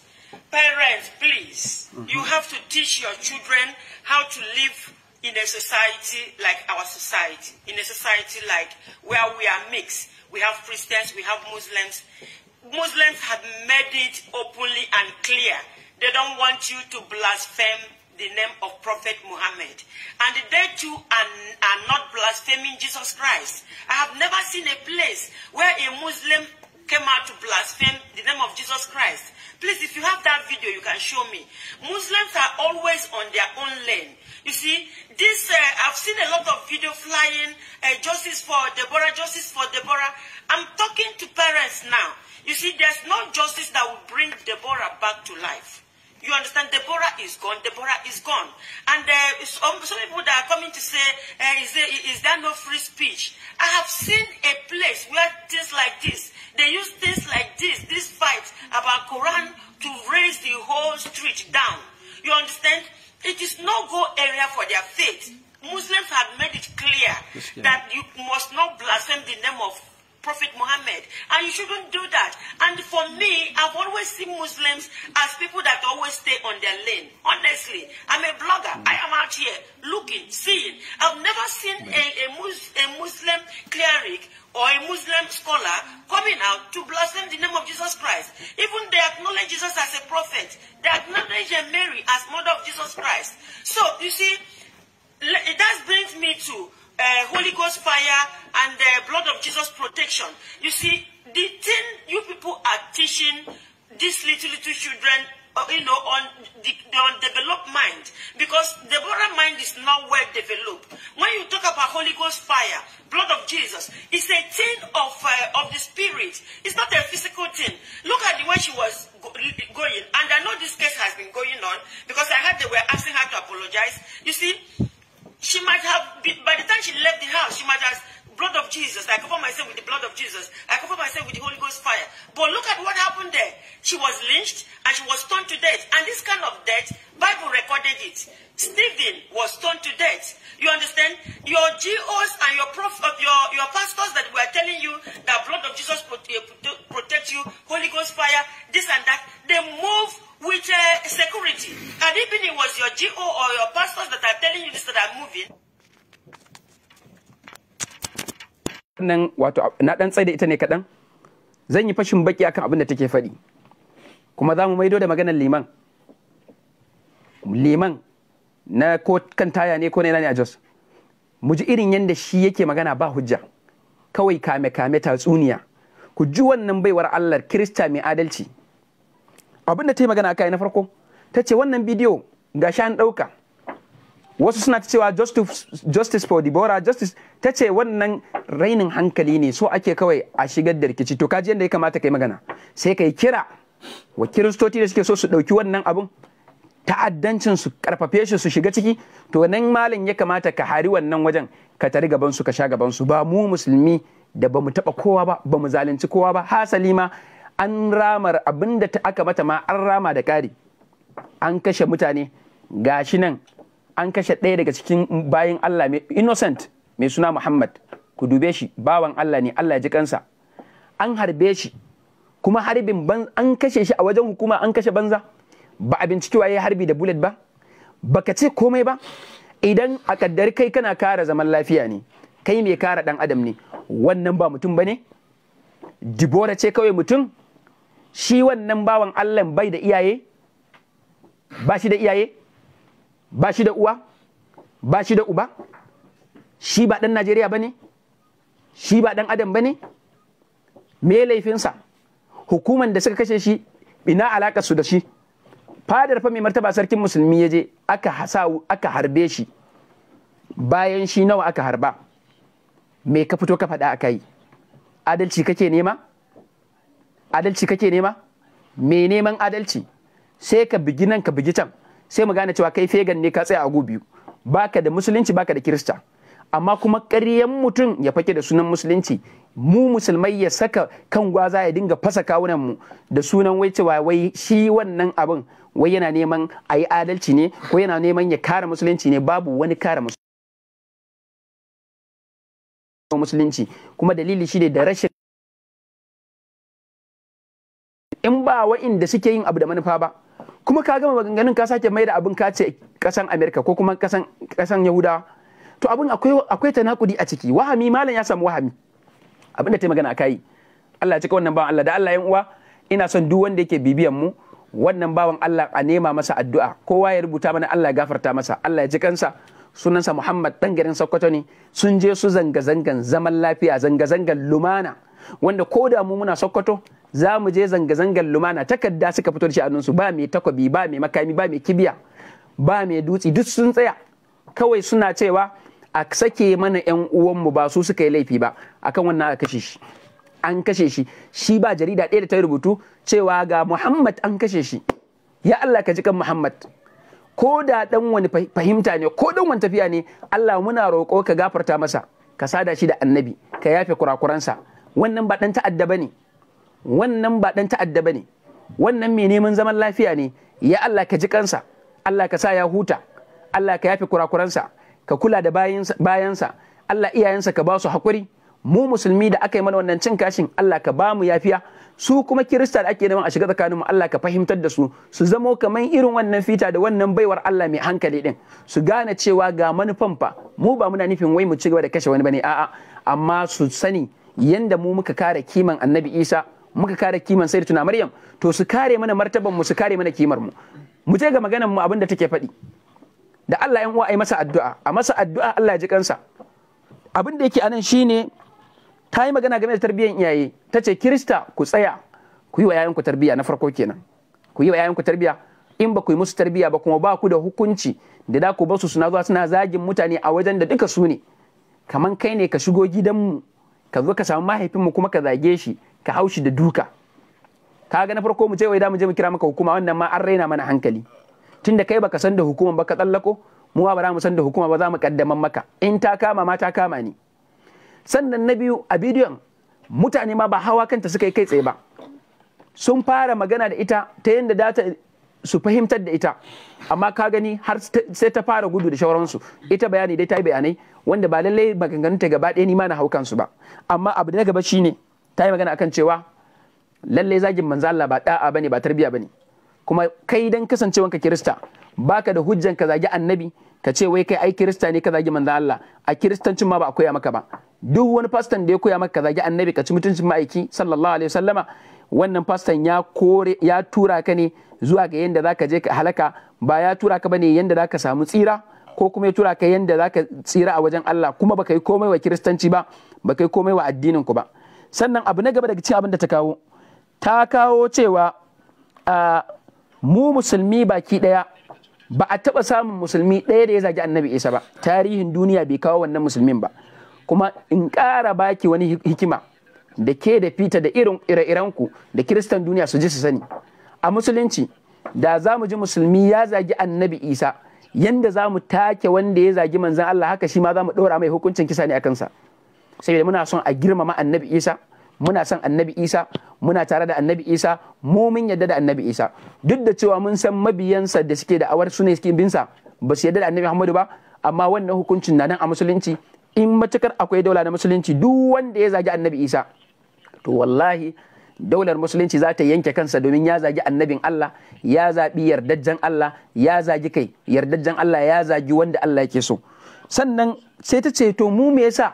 Parents, please, mm -hmm. you have to teach your children how to live in a society like our society, in a society like where we are mixed. We have Christians, we have Muslims. Muslims have made it openly and clear. They don't want you to blaspheme the name of Prophet Muhammad. And they too are, are not blaspheming Jesus Christ. I have never seen a place where a Muslim came out to blaspheme the name of Jesus Christ. Please, if you have that video, you can show me. Muslims are always on their own lane. You see, this uh, I've seen a lot of video flying, uh, justice for Deborah, justice for Deborah. I'm talking to parents now. You see, there's no justice that will bring Deborah back to life. You understand? Deborah is gone. Deborah is gone. And uh, some, um, some people that are coming to say, uh, is, there, is there no free speech? I have seen a place where things like this, they use things like this, this fight about Quran to raise the whole street down. You understand? It is no go na dan tsaye da ita ne kaɗan zan yi fashin baki akan abin da take faɗi kuma za mu maido da maganar liman liman na ko kan taya ne ko na ne a jos mu ji irin yadda shi yake magana ba hujja kawai kame kame tatsuniya ku ji wannan baiwar allah kirista mai adalci abin da ta yi magana akai na farko ta ce wannan bidiyo ga an ɗauka wasu suna cewa justice for dibora justice ta ce wannan rainin hankali ne so ake kawai a shigar da rikici to kaji yadda ya kamata kai magana sai kai kira wa kiristoci da suke so su ɗauki wannan abun ta'addancin su karfafe shi su shiga ciki to nan malam ya kamata ka hari wannan wajen ka tari gaban su ka sha gaban su ba mu musulmi da bamu taba kowa ba bamu zalunci kowa ba hasali ma an ramar abinda ta aka mata ma an rama da kari an kashe mutane gashi nan an kashe ɗaya daga cikin bayan Allah mai innocent mai suna Muhammad ku dube shi bawan Allah ne Allah ji kansa an harbe shi kuma harbin an kashe shi a wajen hukuma an kashe banza ba a binciki waye harbi da bullet ba baka ce komai ba idan a kaddari kai kana kara zaman lafiya ne kai mai kara dan adam ne wannan ba mutum bane dibora ce kawai mutum shi wannan bawan Allah bai da iyaye ba shi da iyaye ba shi da uwa ba shi da uba shi ba ɗan najeriya ba ne shi ba ɗan adam ba ne me laifinsa hukuman da suka kashe shi ina alaƙa su da shi fadar fa mai martaba sarkin musulmi ya je aka aka harbe shi bayan shi nawa aka harba me ka fito ka faɗa aka yi adalci kake nema adalci kake nema me neman adalci sai ka bigi nan ka bigi can sai mu gane cewa kai fegan ne ka tsaya a biyu baka da musulunci baka da kirista amma kuma ƙaryen mutum ya fake da sunan musulunci mu musulmai ya saka kan gwaza ya dinga fasa kawunan mu da sunan wai cewa wai shi wannan abin wai yana neman a yi adalci ne ko yana neman ya kare musulunci ne babu wani kare musulunci kuma dalili shi ne da rashin in ba wa'inda suke yin abu da manufa ba kuma ka gama maganganun ka sake mai da abin ka ce kasan amerika ko kuma kasan kasan yahuda to abin akwai akwai nakudi a ciki wahami malam ya samu wahami abin da ta magana akai Allah ya cika wannan bawan Allah da Allah yan uwa ina son duk wanda yake bibiyan mu wannan bawan Allah a nema masa addu'a kowa ya rubuta mana Allah ya gafarta masa Allah ya ji kansa sunansa Muhammad dan garin Sokoto ne sun je su zanga zangan zaman lafiya zanga zangan lumana wanda ko da mu muna Sokoto za mu je zanga-zangar lumana takarda suka fito da shi su ba mai takobi ba mai makami ba mai kibiya ba mai dutse duk sun tsaya kawai suna cewa a sake mana 'yan uwanmu ba su suka yi laifi ba akan wannan a kashe shi an kashe shi shi ba jarida ɗaya da ta rubutu cewa ga muhammad an kashe shi ya allah ka ji kan muhammad ko da dan wani fahimta ne ko dan wani tafiya ne allah muna roƙo ka gafarta masa ka sada shi da annabi ka yafe kurakuransa wannan ba dan ta'adda ba ne. wannan ba dan ta'adda ne. wannan mai neman zaman lafiya ne ya Allah ka ji kansa Allah ka sa ya huta Allah ka yafi kurakuransa ka kula da bayansa Allah iyayensa ka ba su hakuri mu musulmi da aka yi mana wannan cin kashin Allah ka ba mu yafiya su kuma kirista da ake neman a shiga tsakanin mu Allah ka fahimtar da su su zamo kamar irin wannan fita da wannan baiwar Allah mai hankali din su gane cewa ga manufan fa mu ba muna nufin wai mu ci gaba da kashe wani bane a'a amma su sani yanda mu muka kare kiman Annabi Isa muka kare kiman sai tuna maryam to su kare mana martaban mu su kare mana kimar mu mu je ga maganar mu abin da take faɗi da Allah yan uwa ai masa addu'a a masa addu'a Allah ya ji kansa abin da yake anan shine ta yi magana game da tarbiyyar iyaye ta ce kirista ku tsaya ku yi wa 'ya'yan ku tarbiyya na farko kenan ku yi wa 'ya'yan ku tarbiyya in ba ku yi musu tarbiyya ba kuma ba ku da hukunci da da ku su suna zuwa suna zagin mutane a wajen da duka su ne kaman kai ne ka shigo gidanmu ka zo ka samu mahaifin mu kuma ka zage shi ka haushi da duka kaga na farko mu ce wai da mu je mu kira maka hukuma wannan ma an raina mana hankali tunda kai baka san da hukuma baka ka tsallako mu ba za mu san da hukuma ba za mu kaddaman maka in ta kama ma ta kama ni sannan na biyu a bidiyon mutane ma ba hawa kanta suka yi kai tsaye ba sun fara magana da ita ta yadda data su fahimtar da ita amma ka gani har sai ta fara gudu da shawaransu ita bayani dai ta yi bayanai wanda ba lallai maganganun ta gaba ɗaya ni ma na haukan su ba amma abu na gaba shine ne ta yi magana akan cewa lalle zagin manzo Allah ba da'a bane ba tarbiya bane kuma kai dan kasancewanka kirista baka da hujjan ka zagi annabi ka ce wai kai ai kirista ne ka zagi manzo Allah a kiristancin ma ba a koya maka ba duk wani fastan da ya koya maka zagi annabi ka ci mutuncin ma'aiki sallallahu alaihi wasallama wannan fastan ya kore ya tura ka ne zuwa ga yanda zaka je ka halaka ba ya tura ka bane yanda zaka samu tsira ko kuma ya tura ka yanda zaka tsira a wajen Allah kuma baka yi komai wa kiristanci ba baka yi komai wa addinin ku ba sannan abu na gaba daga cikin abin da ta kawo ta kawo cewa mu musulmi baki ɗaya ba a taɓa samun musulmi ɗaya da ya zagi annabi isa ba tarihin duniya bai kawo wannan musulmin ba kuma in ƙara baki wani hikima da ke da fita da irin ire-irenku da kiristan duniya su ji su sani a musulunci da za mu ji musulmi ya zagi annabi isa yanda za mu take wanda ya zagi manzan allah haka shi ma za mu ɗora mai hukuncin kisa ne a kansa saboda muna son a girmama annabi isa muna son annabi isa muna tare da annabi isa mu mun yadda da annabi isa duk da cewa mun san mabiyansa da suke da awar su ne suke binsa ba su yadda da annabi muhammadu ba amma wannan hukuncin na nan a musulunci in matukar akwai daula na musulunci duk wanda ya zagi annabi isa to wallahi daular musulunci za ta yanke kansa domin ya zagi annabin Allah ya zaɓi yardajjen Allah ya zagi kai yardajjen Allah ya zagi wanda Allah yake so sannan sai ta ce to mu me yasa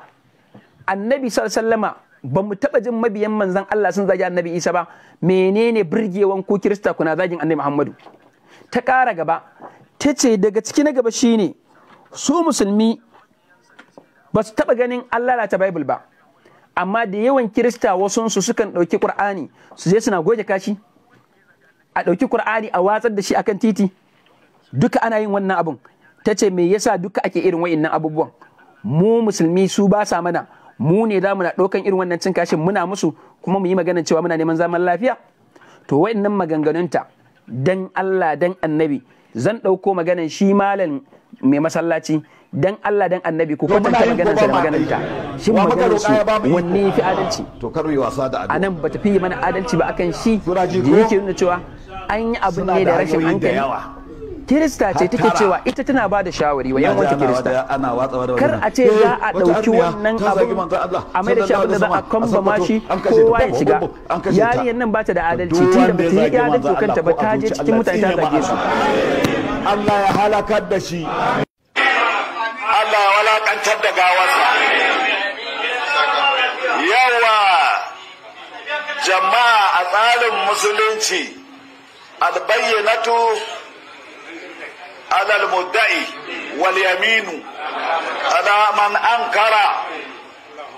annabi sallama ba mu taɓa jin mabiyan manzan Allah sun zagi annabi Isa ba menene birgewan ko kirista kuna zagin annabi Muhammadu ta ƙara gaba ta ce daga ciki na gaba shine su musulmi ba su taɓa ganin Allah lalata Bible ba amma da yawan kirista su sukan ɗauki Kur'ani su je suna goge kashi a ɗauki Kur'ani a watsar da shi akan titi duka ana yin wannan abun ta ce me yasa duka ake irin wa'innan abubuwan mu musulmi su ba sa mana mu ne za mu na ɗaukan irin wannan cin kashin muna musu kuma mu yi maganar cewa muna neman zaman lafiya to wa'annan maganganunta dan Allah dan annabi zan ɗauko maganar shi malam mai masallaci dan Allah dan annabi ku kwatanta maganarsa da maganarta shin maganar su wanne fi adalci to kar yi ba ta fi mana adalci ba akan shi da yake nuna cewa an yi abu ne da rashin hankali kirista ce take cewa ita tana ba da shawari wa yan wata kirista kar a ce za a dauki eh, wannan abu a mai da shi abin da za a ma shi kowa ya shiga yariyan nan ba ta da adalci tun da ta yi adalci kanta ba ta je cikin mutane ta zage su Allah ya halakar da shi Allah ya walakantar da gawarsa yawa jama'a a tsarin musulunci albayyanatu على المدعي واليمين على من أنكر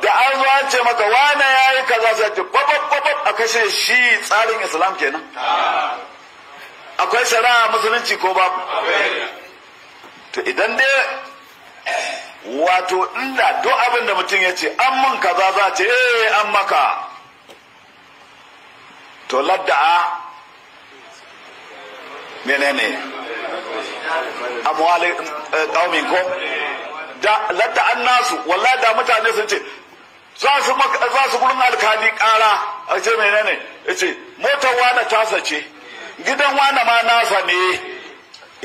da an zo ce mata wane ya yi kaza sai ta babab babab a kashe shi tsarin islam kenan akwai shari'a musulunci ko babu to idan dai wato inda duk abin da mutum ya ce an mun kaza za ce eh an maka to ladda'a menene amwali eh, qaumin ko da latta an nasu wallahi da mutane sun ce za su za su gurin alkali kara a ce menene yace motar wani tasa ce gidan wani ma nasa ne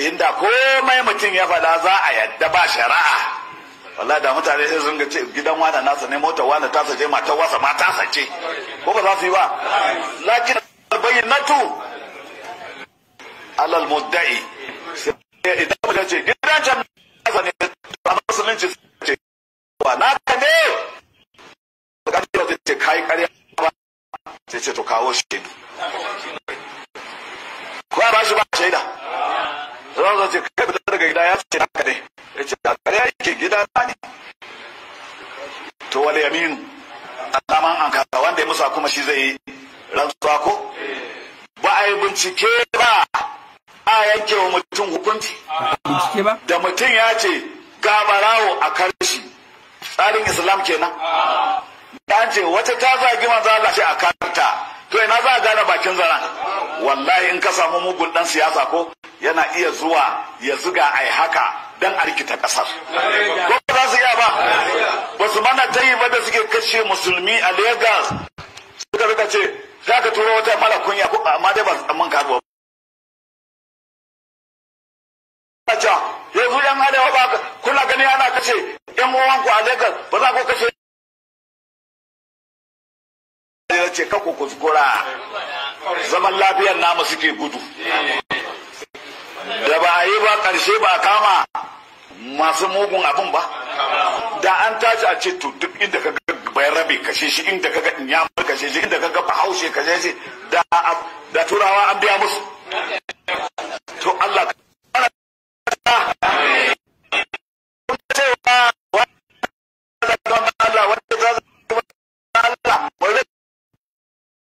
inda komai mutum ya faɗa za a yadda ba shari'a wallahi da mutane sai sun ga ce gidan wani nasa ne motar wani tasa ce matar wasa ma tasa ce ko ba za su yi ba lakin bayyana tu alal mudda'i idan muka ce gidan can nasa ne a musulunci ce wa na ka ne ce da ce kai karya ba sai ce to kawo shaidu kuma ba shi ba shaida zan zan ce kai fita daga gida ya ce haka ne ya ce da karya yake gida na ne to wale yamin alaman an kasa wanda ya musa kuma shi zai rantsuwa ko ba a yi bincike ba a yanke wa mutum hukunci da mutum ya ce gabarawo a karshe. tsarin islam kenan ya ce wata ta zagi manzo Allah ce a karta to ina za a gane bakin zara wallahi in ka samu mugun dan siyasa ko yana iya zuwa ya zuga ai haka dan arkita kasar ko ba su iya ba ba su mana tayi ba da suke kashe musulmi a Lagos suka rika ce za ka turo wata mara kunya ko amma dai ba mun ka ce kako kuskura zaman lafiyar namu suke gudu da ba a yi ba ƙarshe ba a kama masu mugun abin ba da an tashi a ce to duk inda ka ga bayan rabe kashe shi inda ka ga inyamur kashe shi inda ka ga bahaushe kashe shi da turawa an biya musu to Allah ka Allah wanda za Allah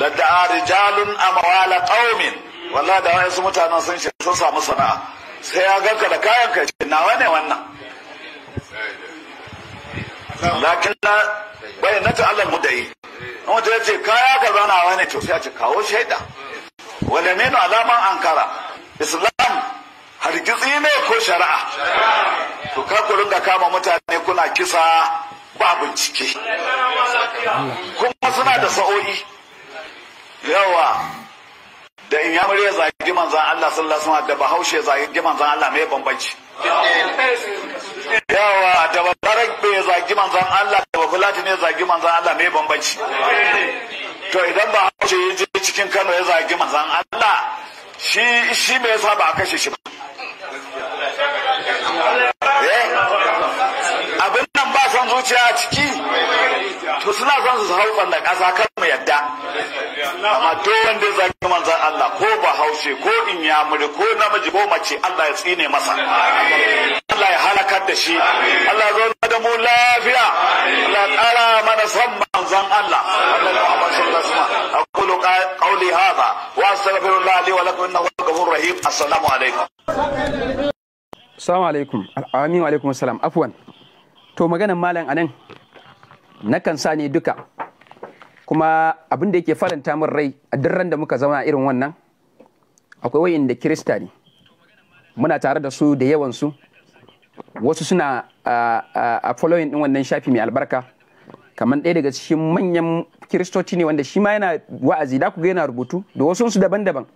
ladda rijalun amwala qaumin wallahi da wayansu mutanen sun shi sun samu sana'a sai ya ganka da kayan ka ce nawa ne wannan lakin na ta Allah mudai An wata ce kaya ka zana ne to sai ya ce kawo shaida ne menu alaman ankara islam hargitsi ne ko shari'a to ka ku ringa kama mutane kuna kisa ba bincike kuma suna da sa'o'i yawa da in yamur ya zagi manzan Allah sallallahu alaihi wasallam da bahaushe zagi manzan Allah mai bambanci yawa da babarak bai zagi manzan Allah da bafulati ne zagi manzan Allah mai bambanci to idan bahaushe ya je cikin Kano ya zagi manzan Allah shi shi me yasa ba a kashe shi ba eh? abin nan ba son zuciya ciki to suna son su hau ɓanna ƙasa kar mu yadda amma to wanda ya zagi manzan Allah ko bahaushe ko inyamuri ko namiji ko mace Allah ya tsine masa Allah ya halakar da shi Allah ya zauna da mu lafiya Allah ya ƙara mana son manzan Allah Allah ya Muhammad sallallahu alaihi wasallam أقول قولي هذا وأستغفر الله لي ولكم إنه هو الغفور الرحيم السلام عليكم Assalamu alaikum. Amin wa alaikum assalam. Afwan. To maganan malam anan nakan sa ne duka kuma abin da yake faranta min rai a duk da muka zama irin wannan akwai wayin da kirista ne muna tare da su da yawan su wasu suna a following din wannan shafi mai albarka kamar ɗaya daga cikin manyan kiristoci ne wanda shi ma yana wa'azi da ku ga yana rubutu da wasu su daban-daban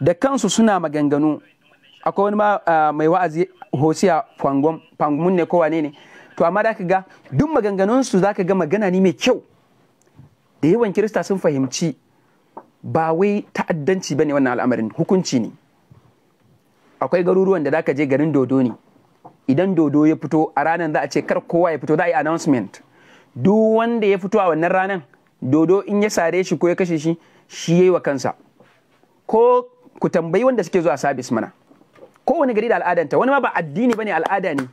da kansu suna maganganu akwai wani ma mai wa'azi hosiya pangom pangumun ne ko wane ne to amma da ka ga duk maganganunsu za ka ga magana ne mai kyau da yawan kirista sun fahimci ba wai ta'addanci ba ne wannan al'amarin hukunci ne akwai garuruwan da za ka je garin dodo ne idan dodo ya fito a ranar za a ce kar kowa ya fito za a yi announcement duk wanda ya fito a wannan ranar dodo in ya sare shi ko ya kashe shi shi yayi wa kansa ko ku tambayi wanda suke zuwa sabis mana kowane gari da al'adanta wani ma ba addini bane al'ada ne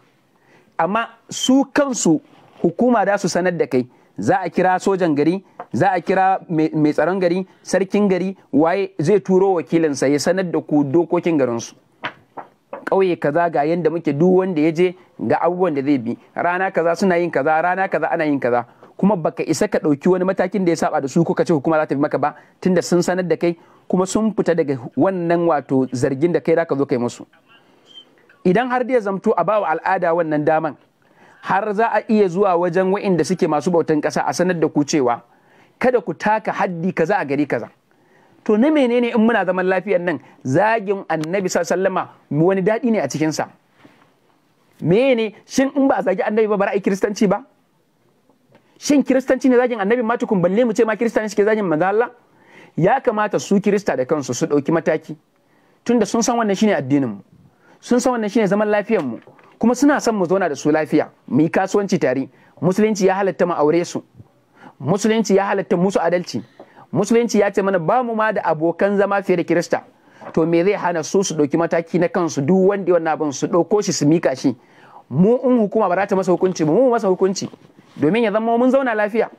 amma su kansu hukuma da su sanar da kai za a kira sojan gari za a kira mai tsaron gari sarkin gari waye zai turo wakilinsa ya sanar da ku dokokin garinsu ƙauye kaza ga yadda muke duk wanda ya je ga abubuwan da zai bi rana kaza suna yin kaza rana kaza ana yin kaza kuma baka isa ka ɗauki wani matakin da ya saba da su ko ka ce hukuma za ta bi maka ba tunda sun sanar da kai kuma sun fita daga wannan wato zargin da kai da ka zo kai musu idan har dai zamto a bawa al'ada wannan daman har za a iya zuwa wajen wa'inda suke masu bautan ƙasa a sanar da ku cewa kada ku taka haddi kaza a gari kaza to na menene in muna zaman lafiyar nan zagin annabi sallama wani daɗi ne a cikinsa mene shin in ba zagi annabi ba bara a kiristanci ba shin kiristanci ne zagin annabi ma tukun balle mu ce ma kiristani suke zagin manzo Allah ya kamata su kirista da kansu su ɗauki mataki tunda sun san wannan shine addinin mu sun san wannan shine zaman lafiyar mu kuma suna son mu zauna da su lafiya mu yi kasuwanci tare musulunci ya halatta mu aure su musulunci ya halatta musu adalci musulunci ya ce mana ba mu ma da abokan zama fiye da kirista to me zai hana su su ɗauki mataki na kansu duk wanda wannan abin su ɗauko shi su mika shi mu in hukuma ba za ta masa hukunci ba mu masa hukunci domin ya zama mun zauna lafiya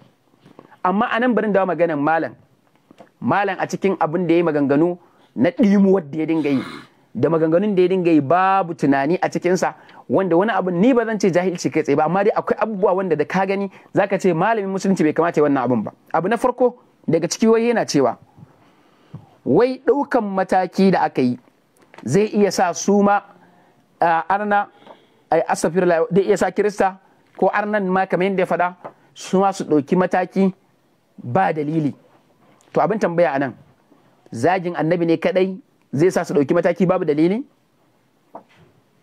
amma a nan barin dawo maganan malam malam a cikin abin da ya yi maganganu na ɗimuwar da ya dinga yi da maganganun da ya dinga yi babu tunani a cikinsa wanda wani abu ni ba zan ce jahilci kai tsaye ba amma dai akwai abubuwa wanda da ka gani zaka ce malamin musulunci bai kamata wannan abun ba abu na farko daga ciki wai yana cewa wai ɗaukan mataki da aka yi zai iya sa su ma arna asafirla iya sa kirista ko arnan ma kamar yadda ya faɗa su ma su ɗauki mataki ba dalili to abin tambaya anan zagin annabi ne kadai zai sa su ɗauki mataki babu dalili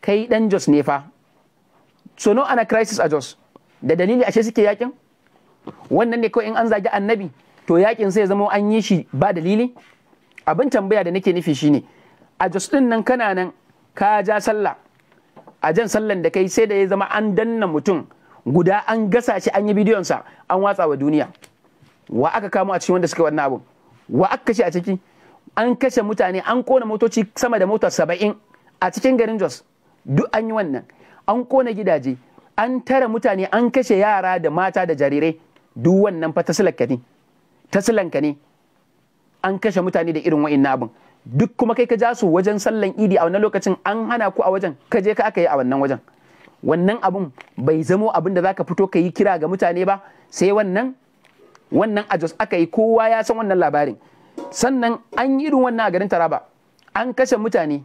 kai ɗan jos ne fa so no ana crisis a jos da dalili ashe suke yakin wannan ne kawai in an zagi annabi to yakin sai zama an yi shi ba dalili abin tambaya da nake nufi shine a jos ɗin nan kana nan ka ja sallah a jan sallan da kai sai da ya zama an danna mutum guda an gasa shi an yi bidiyonsa an watsa wa duniya wa aka kamo a cikin wanda suka wannan abun wa aka kashe a ciki an kashe mutane an kona motoci sama da motar saba'in a cikin garin jos duk an yi wannan an kona gidaje an tara mutane an kashe yara da mata da jarirai duk wannan fa tasilanka ne tasilanka ne an kashe mutane da irin wa'in abin duk kuma kai ka ja su wajen sallan idi a wannan lokacin an hana ku a wajen ka je ka aka yi a wannan wajen wannan abun bai zamo abin da zaka fito ka yi kira ga mutane ba sai wannan wannan a jos aka yi kowa ya san wannan labarin sannan an yi irin wannan a garin taraba an kashe mutane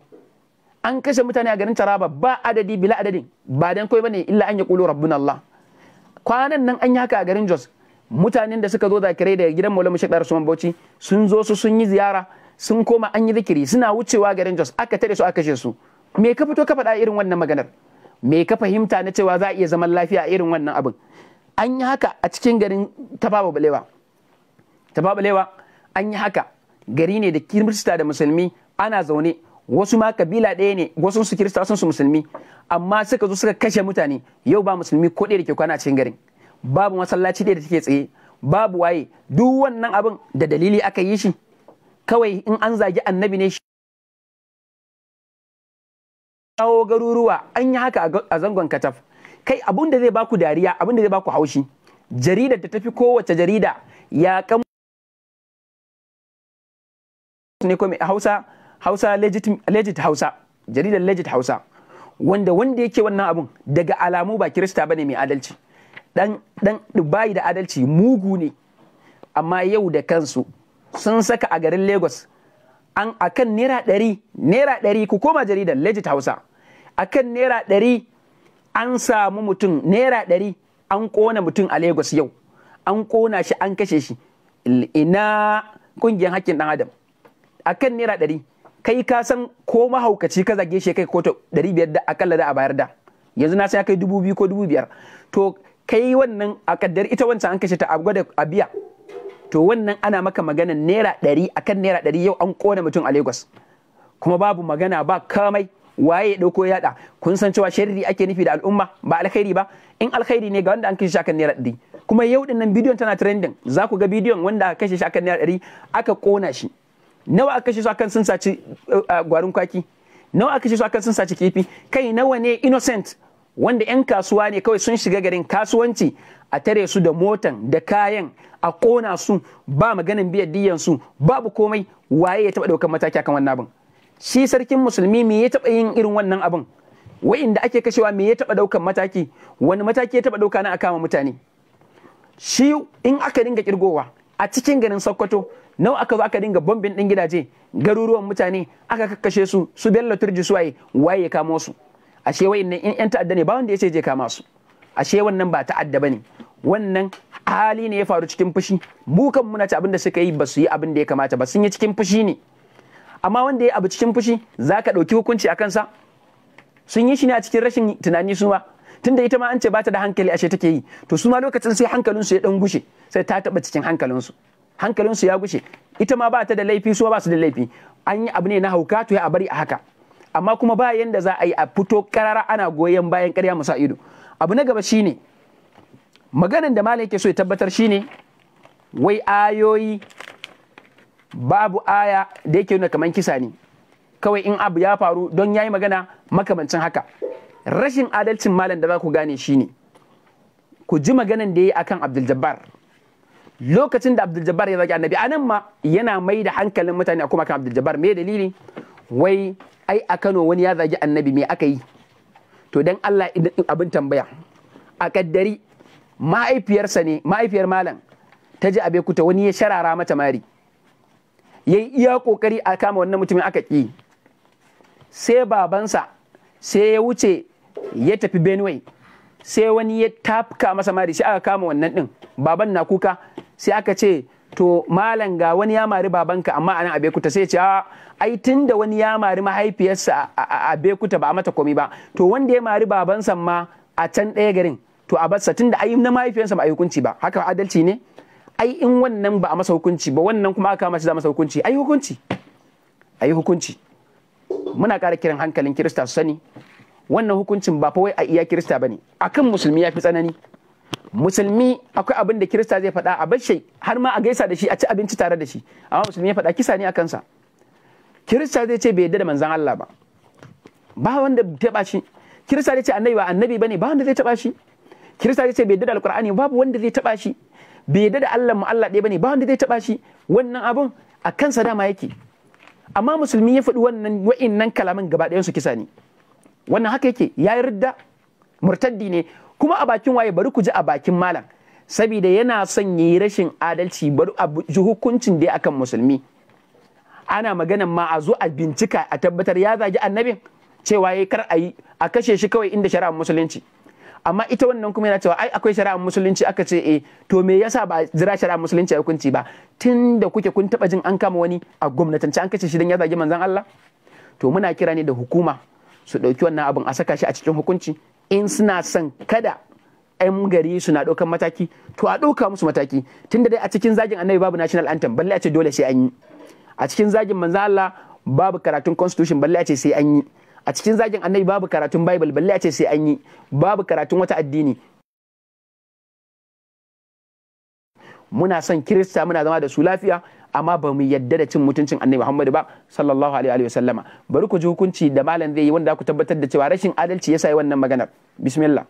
an kashe mutane a garin taraba ba adadi bila adadin ba dan koi bane illa an ya kulu rabbun allah kwanan nan an yi haka a garin jos mutanen da suka zo zakire daga gidan maulama shekar usman bauchi sun zo su sun yi ziyara sun koma an yi zikiri suna wucewa garin jos aka tare su aka kashe su me ka fito ka faɗa irin wannan maganar me ka fahimta na cewa za a iya zaman lafiya a irin wannan abin an yi haka a cikin garin tababa balewa tababa balewa an yi haka gari ne da kirista da musulmi ana zaune wasu ma kabila ɗaya ne wasu su kirista wasu su musulmi amma suka zo suka kashe mutane yau ba musulmi ko ɗaya da ke kwana cikin garin babu masallaci ɗaya da take tsaye babu waye duk wannan abin da dalili aka yi shi kawai in an zagi annabi ne shi kawo garuruwa an yi haka a zangon kataf kai abin da zai baku dariya abin da zai baku haushi jaridar da tafi kowace jarida ya ne ko hausa hausa legit, hausa jaridar legit hausa wanda wanda yake wannan abun daga alamu ba kirista ba ne mai adalci dan dan bayi da adalci mugu ne amma yau da kansu sun saka a garin lagos an akan naira ɗari naira ɗari ku koma jaridar legit hausa akan naira ɗari an samu mutum naira ɗari an kona mutum a lagos yau an ƙona shi an kashe shi ina kungiyar hakkin ɗan adam akan naira ɗari kai ka san ko mahaukaci ka zage shi kai ko ɗari biyar da akalla da a bayar da yanzu na sai kai dubu biyu ko dubu biyar to kai wannan a kaddar ita wancan an kashe ta a gwada a biya to wannan ana maka magana naira ɗari akan naira ɗari yau an kona mutum a lagos kuma babu magana ba kamai waye ya ɗauko yaɗa kun san cewa sharri ake nufi da al'umma ba alkhairi ba in alkhairi ne ga wanda an kashe shi kan naira ɗari kuma yau nan bidiyon tana trending za ku ga bidiyon wanda aka kashe shi kan naira ɗari aka kona shi nawa aka kashe su akan sun saci uh, uh, gwarin kwaki nawa aka kashe su akan sun saci kifi kai nawa ne innocent wanda 'yan kasuwa ne kawai sun shiga garin kasuwanci a tare su da motan da kayan a kona su ba maganin biyan diyan su babu komai waye ya taba daukar mataki akan wannan abin shi sarkin musulmi me ya taba yin irin wannan abin wa'inda ake kashewa me ya taba daukan mataki wani mataki ya taba dauka na akama mutane shi in aka dinga kirgowa a cikin garin sokoto nawa aka zo aka dinga bombin din gidaje garuruwan mutane aka kakkashe su su bello turji su waye ya kama su ashe wayannan in yan ta'adda ne ba wanda ya ce je kama su ashe wannan ba ta'adda bane wannan hali ne ya faru cikin fushi mu kan muna ci abinda suka yi ba su yi abin ya kamata ba sun yi cikin fushi ne amma wanda ya abu cikin fushi zaka ka ɗauki hukunci a sa sun yi shi ne a cikin rashin tunani su ma tunda ita ma an ce bata da hankali ashe take yi to su ma lokacin sai hankalinsu ya dan gushe sai ta taba cikin hankalinsu hankalinsu ya gushe ita ma ba ta da laifi su ba su da laifi an yi abu ne na hauka to a bari a haka amma kuma ba yanda za a yi a fito karara ana goyon bayan karya musa ido abu na gaba shine maganan da malam yake so ya tabbatar shine wai ayoyi babu aya da yake nuna kaman kisa ne kawai in abu ya faru don yayi magana makamancin haka rashin adalcin malam da za ku gane shine ku ji maganan da ya yi akan Abdul Jabbar lokacin da Abdul Jabbar ya zagi annabi anan ma yana mai da hankalin mutane a kuma kan Abdul Jabbar me dalili wai ai a Kano wani ya zagi annabi me aka yi to dan Allah idan abin tambaya a kaddari mahaifiyarsa ne mahaifiyar malam ta ji abe kuta wani ya sharara mata mari yayi iya kokari a kama wannan mutumin aka ki sai babansa sai ya wuce ya tafi Benue sai wani ya tafka masa mari sai aka kama wannan din baban na kuka sai aka ce to malam ga wani ya mari babanka amma anan abekuta sai ce ai tun da wani ya mari mahaifiyarsa a bekuta ba a mata komi ba to wanda ya mari babansa ma a can ɗaya garin to a basa tun da ai na mahaifiyarsa ba a yi hukunci ba haka adalci ne ai in wannan ba a masa hukunci ba wannan kuma aka mace za masa hukunci ai hukunci ai hukunci muna ƙara kiran hankalin kirista su sani wannan hukuncin ba fa wai a iya kirista bane akan musulmi ya fi tsanani musulmi akwai abin da kirista zai faɗa a bashe har ma a gaisa da shi a ci abinci tare da shi amma musulmi ya faɗa kisa ne a kansa kirista zai ce bai yadda da manzan Allah ba ba wanda taɓa shi kirista zai ce annabi ba annabi bane ba wanda zai taɓa shi kirista zai ce bai yadda da alqur'ani babu wanda zai taɓa shi bai yadda da Allah mu Allah ɗaya bane ba wanda zai taɓa shi wannan abun a kansa dama yake amma musulmi ya faɗi wannan wa'innan kalaman gaba ɗayan su kisa ne wannan haka yake ya yarda murtaddi ne kuma a bakin waye bari ku ji a bakin malam saboda yana son yi rashin adalci bari a ji hukuncin dai akan musulmi ana maganan ma a zo a bincika a tabbatar ya zagi annabin cewa yayi kar a yi a kashe shi kawai inda shari'ar musulunci amma ita wannan kuma yana cewa ai akwai shari'ar musulunci aka ce eh to me yasa ba jira shari'ar musulunci a hukunci ba tun da kuke kun taba jin an kama wani a gwamnatance an kashe shi dan ya zagi manzon Allah to muna kira ne da hukuma su ɗauki wannan abin a saka shi a cikin hukunci in suna son kada 'yan gari suna ɗaukan mataki to a ɗauka musu mataki tunda dai a cikin zagin annabi babu national anthem balle a ce dole sai an yi a cikin zagin manzo Allah babu karatun constitution balle a ce sai an yi a cikin zagin annabi babu karatun bible balle a ce sai an yi babu karatun wata addini muna son kirista muna zama da su lafiya amma ba mu yadda da cin mutuncin annabi Muhammadu ba sallallahu alaihi wa sallama bari ku ji hukunci da malam zai yi wanda ku tabbatar da cewa rashin adalci yasa yi wannan maganar bismillah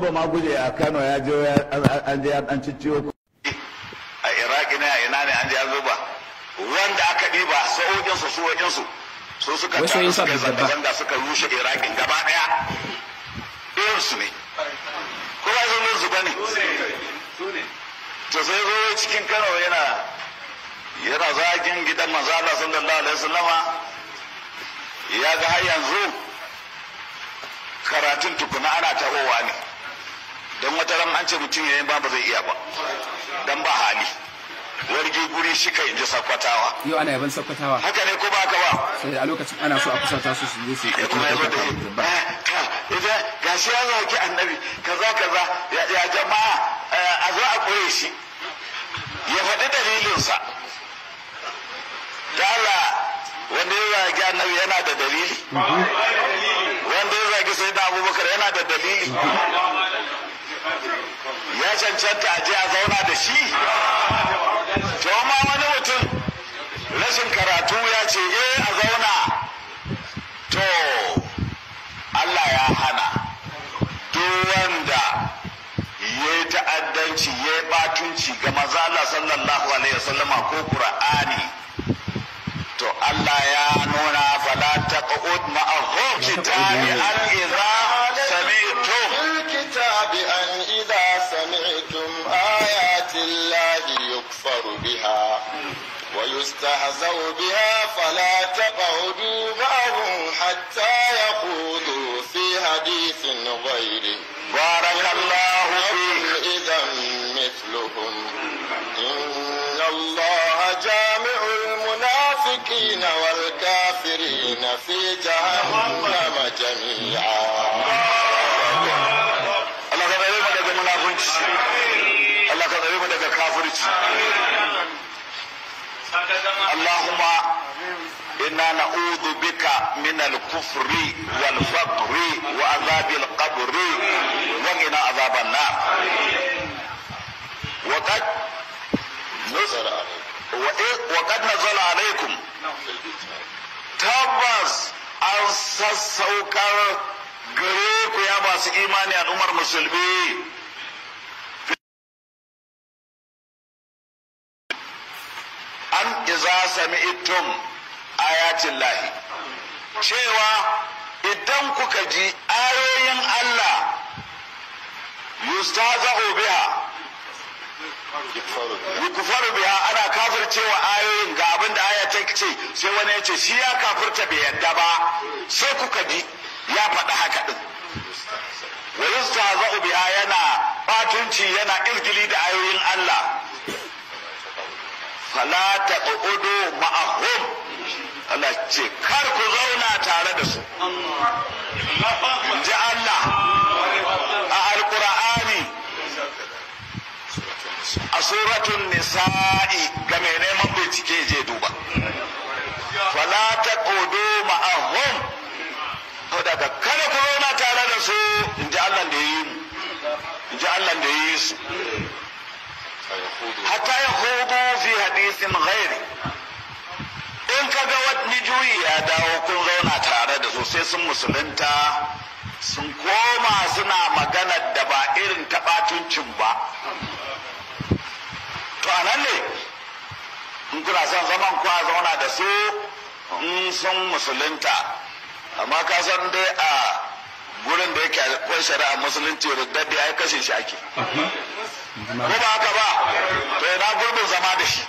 ba ma guje a Kano ya je an je an cicciyo a Iraki ne a ina ne an je an zuba wanda aka diba sa'o'in su su wajen su su suka tsaya suka wanda suka rushe Iraki gaba daya irin su ne ko ba su ne su bane su ne ta sai zoye cikin Kano yana yana zagin gidan manzo Allah sallallahu alaihi ya ga har yanzu karatun tukuna ana tahowa ne don wata ran an ce mutum yayin ba ba zai iya ba don ba hali wargi guri shika in ji sakwatawa yau ana yaban sakwatawa haka ne ko ba haka ba sai a lokacin ana so a kusata su su yi su yi kuma yaban da eh, ita ga shi ya zaki annabi kaza kaza ya jama'a eh, a zo a koye shi ya faɗi dalilinsa da Allah wanda ya zagi annabi yana da dalili mhm. wanda ya zagi sai da abubakar yana da dalili mhm. ya cancanta a jiya a zauna da shi to ma wani mutum rashin karatu ya ce eh a zauna to Allah ya hana duk wanda ya ta'addanci ya yi batunci ga maza Allah sallallahu alaihi wasallama ko Qur'ani to Allah ya nuna fala taqud ma'ahum kitabi an idza sami'tum kitabi an idza sami'tum ayati Allahi yukfaru biha wa yustahzau biha fala taqudu ma'ahum hatta yaqudu fi hadithin ghayri barakallahu fi idan mithluhum inna Allah المنافقين والكافرين في جهنم جميعا اللهم انا نعوذ بك من الكفر والفقر وعذاب القبر وغنى عذاب النار وقد نزل عليه wa qad nazala alaikum tabbas an sassaukar gare ku ya masu imani al'ummar musulmi an iza sami ittum ayatin lahi cewa idan kuka ji ayoyin Allah yustaza'u biha faru biya ana cewa ayoyin ga abin da aya ta ce sai wani ya ce shi ya kafirta bai yadda ba sai kuka ji ya faɗi haka din wa za'u biya yana batunci yana ilgili da ayoyin Allah fala taqudu ma'ahum Allah ce kar ku zauna tare da su in ji Allah a suratun nisa'i ga mai neman bincike je duba fala ta kodo ma'ahum to daga kada ku zauna tare da su in ji Allah da yi mu in ji Allah da yi su hatta ya hudu fi hadisin ghairi in ka ga wani juyi ya dawo kun zauna tare da su sai sun musulunta sun koma suna maganar da ba irin taɓatuncin ba to a nan ne in kuna son zaman kuwa zauna da su in sun musulunta amma ka san dai a gurin da yake kwai shari'a musulunci da daddi ya kashe shi ake ko ba haka ba to ina gurbin zama da shi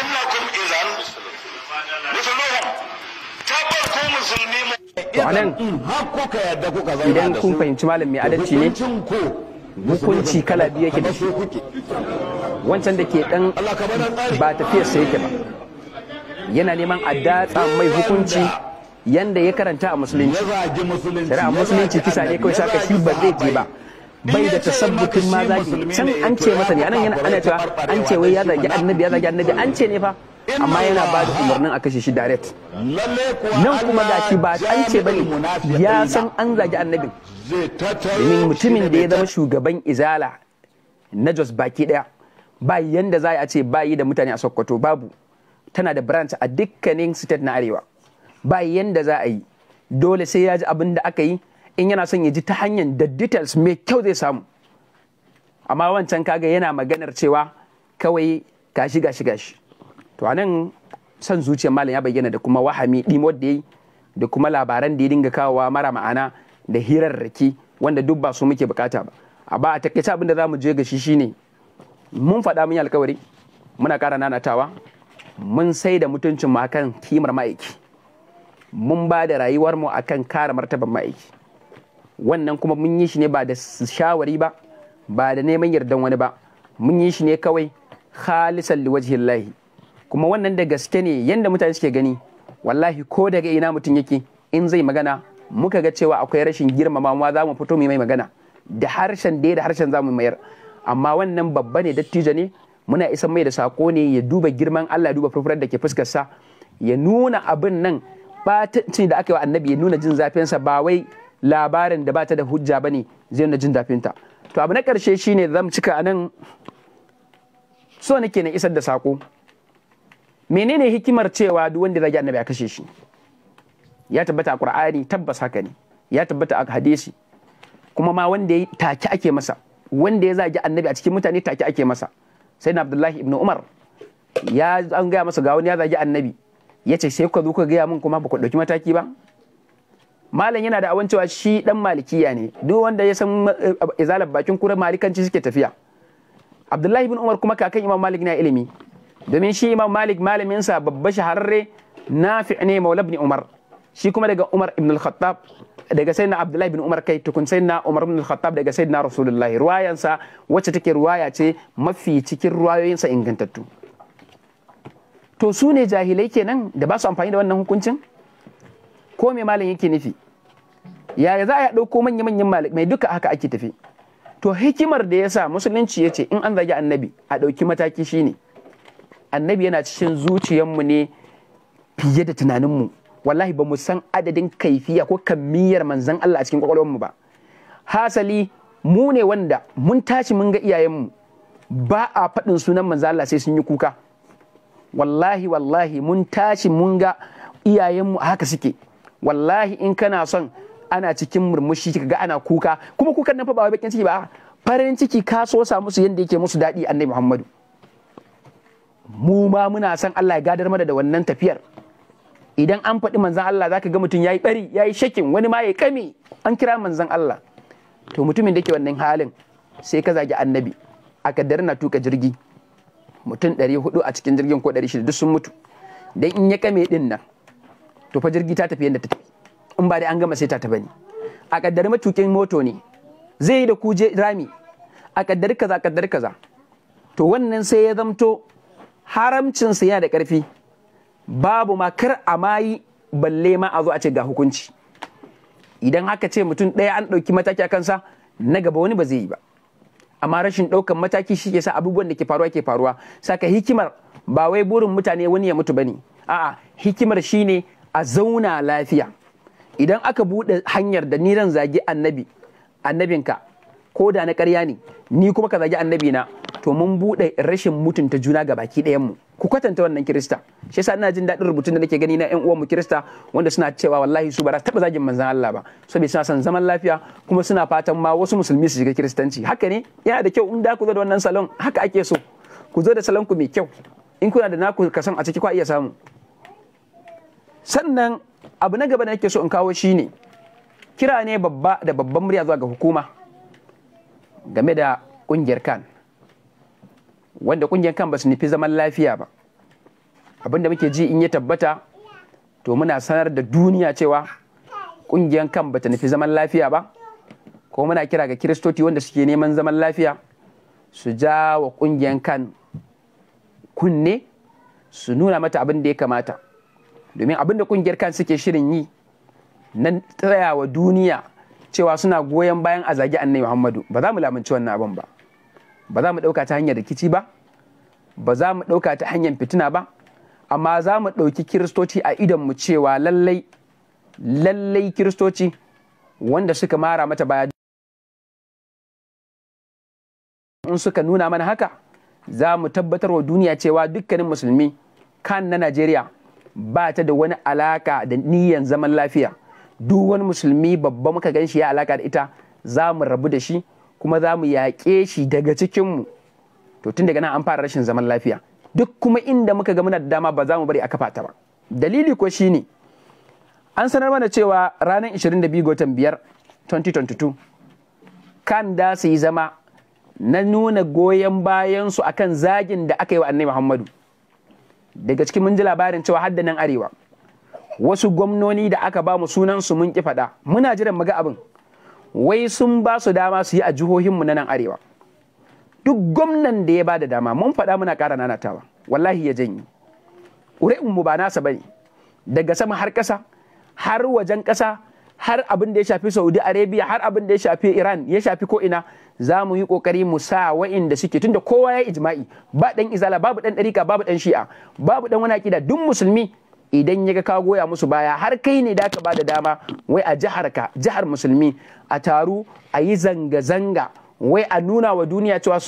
innakum idan mithluhum tabbar ku musulmi to anan har kuka yadda kuka zama da su idan kun fahimci malam mai adalci ne hukunci kala biyu yake da shi wancan da ke dan ba tafiyarsa yake ba yana neman a datsa mai hukunci yanda ya karanta a musulunci a musulunci kisa ne kawai saka shi ba zai je ba bai da sabbukin ma zagi can an ce masa ne anan yana ana cewa an ce wai ya zagi annabi ya zagi annabi an ce ne fa amma yana ba da umarnin a kashe shi direct nan kuma gashi ba an ce bane ya san an zagi annabin domin mutumin da ya zama shugaban izala na jos baki daya ba yanda za a ce bayi da mutane a sokoto babu tana da branch a dukkanin state na arewa ba yanda za a yi dole sai ya ji abin da aka yi in yana son ya ji ta hanyar da details mai kyau zai samu amma wancan kaga yana maganar cewa kawai gashi gashi gashi to anan son zuciyar malam ya bayyana da kuma wahami wadda ya yi da kuma labaran da ya dinga kawowa mara ma'ana da hirarraki wanda duk ba su muke bukata ba a ba a takaice abin da za mu je ga shi ne. mun faɗa mun yi alkawari muna ƙara nanatawa mun sai da mutuncin mu akan kimar ma'aiki mun ba da rayuwar mu akan kare martaban ma'aiki wannan kuma mun yi shi ne ba da shawari ba ba da neman yardan wani ba mun yi shi ne kawai khalisan liwajhillahi kuma wannan da gaske ne yadda mutane suke gani wallahi ko daga ina mutum yake in zai magana muka ga cewa akwai rashin girmamawa za mu fito mu mai magana da harshen da da harshen za mu mayar amma wannan babba ne dattijo ne muna isa mai da sako ne ya duba girman Allah ya duba furfurar da ke fuskarsa ya nuna abin nan batanci da aka yi wa annabi ya nuna jin sa ba wai labarin da bata da hujja ba ne zai nuna jin ta to abu na karshe shine zamu cika anan so nake na isar da sako menene hikimar cewa duk wanda zagi annabi a kashe shi ya tabbata a qur'ani tabbas haka ne ya tabbata a hadisi kuma ma wanda ya take ake masa wanda ya zagi annabi a cikin mutane take ake masa sai na abdullahi ibnu umar ya an gaya masa ga wani ya zagi annabi ya ce sai kuka zo kuka gaya min kuma ba ku ɗauki mataki ba malam yana da awan cewa shi dan malikiya ne duk wanda ya san eh, izalar bakin kura malikanci suke tafiya abdullahi ibn umar kuma kakan imam malik na ilimi domin shi imam malik malamin sa babba shahararre nafi ne maula ibn umar shi kuma daga umar ibn al-khattab daga sayyidina abdullahi ibn umar kai tukun sayyidina umar ibn al-khattab daga sayyidina rasulullahi ruwayansa wacce take ruwaya ce mafi cikin sa ingantattu to su ne jahilai kenan da ba su amfani da wannan hukuncin ko me malam yake nufi yaya za a ɗauko manya-manyan malamai duka haka ake tafi to hikimar da ya sa musulunci yace in an zagi annabi a ɗauki mataki shine ne annabi yana cikin zuciyarmu ne fiye da tunaninmu wallahi ba mu san adadin kaifiya ko kammiyar manzan Allah a cikin kwakwalwarmu ba hasali mu ne wanda mun tashi mun ga iyayenmu ba a faɗin sunan manzan Allah sai sun yi kuka wallahi wallahi mun tashi mun ga iyayenmu a haka suke wallahi in kana son ana cikin murmushi ga ana kuka kuma kukan nan fa ba bakin ciki ba farin ciki ka so sa musu yanda yake musu daɗi annabi Muhammadu mu ma muna son Allah ya gadar mana da wannan tafiyar idan an faɗi manzan Allah zaka ga mutum yayi bari yayi shakin wani ma yayi kame an kira manzan Allah to mutumin da ke wannan halin sai ka zagi annabi a kaddar na tuka jirgi mutum 400 a cikin jirgin ko 600 duk sun mutu dan in ya kame din nan to fa jirgi ta tafi yadda ta tafi in ba dai an gama sai ta tafi ne a kaddar matukin moto ne zai yi da kuje rami a kaddar kaza kaddar kaza to wannan sai ya zamto haramcinsa yana da ƙarfi babu ma kar a mayi balle ma a zo a ce ga hukunci idan haka ce mutum ɗaya an ɗauki mataki a kansa na gaba wani ba zai yi ba amma rashin ɗaukan mataki shi ke sa abubuwan da ke faruwa ke faruwa saka hikimar ba wai burin mutane wani ya mutu ba ne a'a hikimar shine a zauna lafiya idan aka buɗe hanyar da ni zagi annabi annabinka ko da na ƙarya ne ni kuma ka zagi annabi na to mun buɗe rashin mutunta juna ga baki ɗayan mu ku kwatanta wannan kirista shi yasa ina jin daɗin rubutun da nake gani na ƴan uwanmu kirista wanda suna cewa wallahi su ba za taɓa zagin manzan Allah ba saboda suna son zaman lafiya kuma suna fatan ma wasu musulmi su shiga kiristanci haka ne yana da kyau in da ku zo da wannan salon haka ake so ku zo da salon ku mai kyau in kuna da naku san a ciki kwa iya samu sannan abu na gaba da nake so in kawo shi ne kira ne babba da babban murya zuwa ga hukuma game da kungiyar kan wanda kungiyar kan ba su nufi zaman lafiya ba abinda muke ji in ya tabbata to muna sanar da duniya cewa kungiyar kan bata nufi zaman lafiya ba ko muna kira ga kiristoci wanda suke neman zaman lafiya su ja wa kungiyar kan kunne su nuna mata abin da ya kamata domin abin da kungiyar kan suke shirin yi nan wa duniya cewa suna goyon bayan a zagi annabi muhammadu ba za mu lamunci wannan abin ba ba za mu ɗauka ta hanyar rikici ba ba za mu ɗauka ta hanyar fitina ba amma za mu ɗauki kiristoci a idan mu cewa lallai lallai kiristoci wanda suka mara mata baya in suka nuna mana haka za mu tabbatar wa duniya cewa dukkanin musulmi kan na najeriya ba ta da wani alaka da niyan zaman lafiya duk wani musulmi babba muka gan shi ya alaka da ita za mu rabu da shi kuma za mu yaƙe shi daga cikinmu to tun daga nan an fara rashin zaman lafiya duk kuma inda muka ga muna da dama ba za mu bari a kafa ta ba dalili ko shine an sanar mana cewa ranar 22 ga watan biyar 2022 kan da su yi zama na nuna goyon bayansu akan zagin da aka yi wa annai muhammadu daga cikin mun ji labarin cewa da nan arewa wasu gwamnoni da aka ba mu su mun ki faɗa muna jiran mu ga abin wai sun ba su dama su yi a jihohinmu na nan arewa duk gwamnan da ya ba da dama mun faɗa muna ƙara nanatawa wallahi ya janyi mu ba nasa bane daga sama har ƙasa har wajen ƙasa har abin da ya shafi saudi arabia har abin da ya shafi iran ya shafi ko ina za mu yi kokari mu sa wa'inda suke tunda kowa ya ijma'i ba dan izala babu dan ɗarika babu dan shi'a babu dan wani akida duk musulmi idan ya ga ka goya musu baya har kai ne da ka bada dama wai a jihar ka jihar musulmi a taru a yi zanga-zanga wai a nuna wa duniya cewa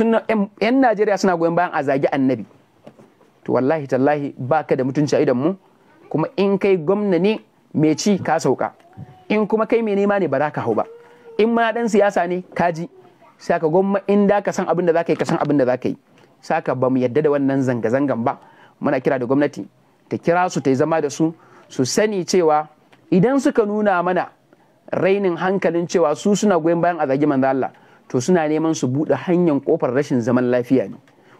yan najeriya suna goyon bayan a zagi annabi to wallahi tallahi baka da mutunci a idan mu kuma in kai gwamna ne ci ka sauka in kuma kai mai nema ne ba za ka hau ba in ma dan siyasa ne ji sai ka gwamma in da ka san abin da za ka yi ka san abin da za ka yi saka ba mu yadda da wannan zanga-zangan ba muna kira da gwamnati ta kira su ta yi zama da su su sani cewa idan suka nuna mana rainin hankalin cewa su suna goyon bayan a zagi manzo Allah to suna neman su buɗe hanyar kofar rashin zaman lafiya ne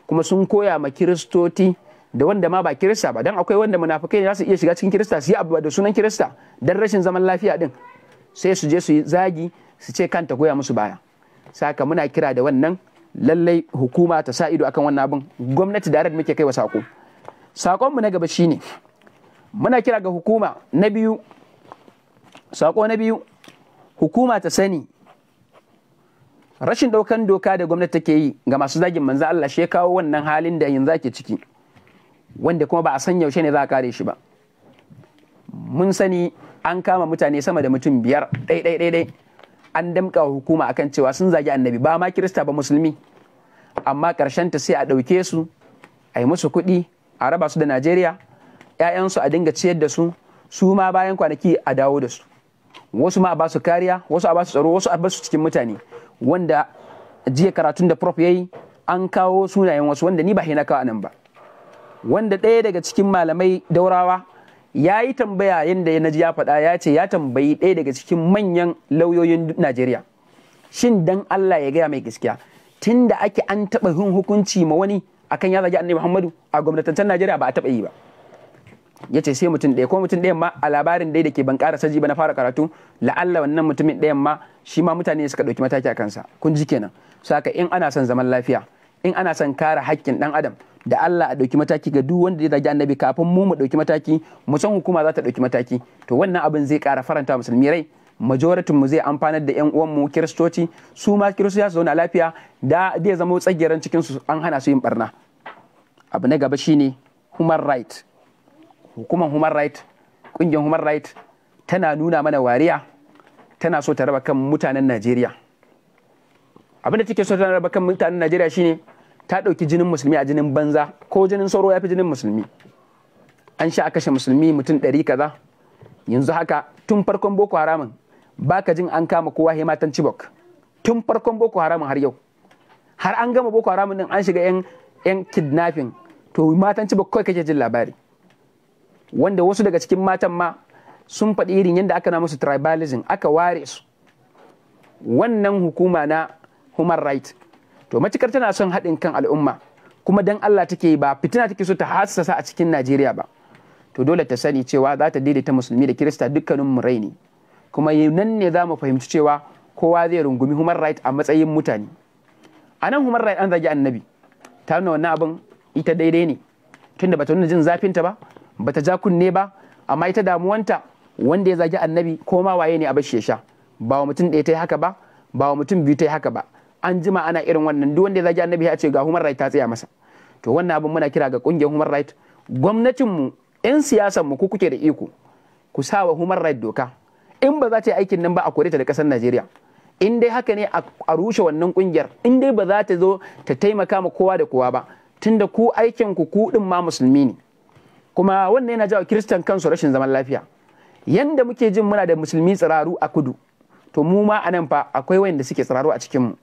kuma sun koya ma kiristoti da wanda ma ba kirista ba dan akwai wanda munafikai ne za su iya shiga cikin kirista su yi abu da sunan kirista dan rashin zaman lafiya din sai su je su yi zagi su ce kanta goya musu baya saka muna kira da wannan lallai hukuma ta sa ido akan wannan abin gwamnati direct muke kai wa sako saƙonmu na gaba shine muna kira ga hukuma na biyu saƙo na biyu hukuma ta sani rashin ɗaukan doka da gwamnati take yi ga masu zagin manzo Allah shi kawo wannan halin da yanzu ake ciki wanda kuma ba a san yaushe ne za a kare shi ba mun sani an kama mutane sama da mutum biyar ɗai an damƙa hukuma akan cewa sun zagi annabi ba ma kirista ba musulmi amma ƙarshen ta sai a ɗauke su a yi musu kuɗi a raba su da najeriya 'ya'yansu a dinga ciyar da su su ma bayan kwanaki a dawo da su wasu ma a ba su kariya wasu a ba su tsaro wasu a ba su cikin mutane wanda jiya karatun da prof yi an kawo sunayen wasu wanda ni ba na kawo nan ba wanda ɗaya daga cikin malamai daurawa ya yi tambaya yadda na ji ya faɗa ya ce ya tambayi ɗaya daga cikin manyan lauyoyin najeriya shin dan allah ya gaya mai gaskiya tun ake an taɓa yin hukunci ma wani akan ya zagi annabi Muhammadu a gwamnatancen Najeriya ba a taɓa yi ba ya ce sai mutum ɗaya ko mutum ɗayan ma a labarin dai da ke ban ƙara saji ba na fara karatu la'alla wannan mutumin ɗayan ma shi ma mutane suka ɗauki mataki a kansa kun ji kenan saka in ana son zaman lafiya in ana son kare haƙƙin dan adam da Allah a ɗauki mataki ga duk wanda ya zagi annabi kafin mu mu ɗauki mataki mu san hukuma za ta ɗauki mataki to wannan abin zai ƙara faranta musulmi rai majoritin mu zai amfanar da yan uwanmu kiristoci su ma kiristoci su zauna lafiya da zai zama tsagiran cikin su an hana su yin barna abu na gaba shine human right hukumar human right kungiyar human right tana nuna mana wariya tana so ta raba kan mutanen Najeriya abin da take so ta raba kan mutanen Najeriya shine ta ɗauki jinin musulmi a jinin banza ko jinin sauro ya fi jinin musulmi an sha a kashe musulmi mutum ɗari kaza yanzu haka tun farkon boko haramun baka jin an kama kowa he matan Chibok tun farkon Boko Haram har yau har an gama Boko Haram din an shiga yan yan kidnapping to matan Chibok kai kake jin labari wanda wasu daga cikin matan ma sun faɗi irin yadda aka na musu tribalism aka ware su wannan hukuma na human right to matukar tana son haɗin kan al'umma kuma dan Allah take ba fitina take so ta hasasa a cikin Najeriya ba to dole ta sani cewa za ta daidaita musulmi da kirista dukkanin mu ne. kuma nan ne za mu fahimci cewa kowa zai rungumi human right a matsayin mutane a nan human right an zagi annabi ta nuna wannan abin ita daidai ne tunda bata nuna jin zafinta ba bata ja kunne ba amma ita damuwanta wanda ya zagi annabi ko ma waye ne a bashi sha ba wa mutum ɗaya ta yi haka ba ba wa mutum biyu ta yi haka ba an jima ana irin wannan duk wanda ya zagi annabi ya ce ga human right ta tsaya masa to wannan abin muna kira ga kungiyar human right gwamnatinmu 'yan siyasanmu ku kuke da iko ku sa wa human right doka in ba za ta yi aikin nan ba a kore ta da kasar Najeriya in dai haka ne a rushe wannan kungiyar in dai ba za ta zo ta taimaka ma kowa da kowa ba tunda ku aikin ku ku din ma musulmi ne kuma wannan yana jawo kiristan kansu rashin zaman lafiya yanda muke jin muna da musulmi tsiraru a kudu to mu ma a nan fa akwai wanda suke tsiraru a cikin mu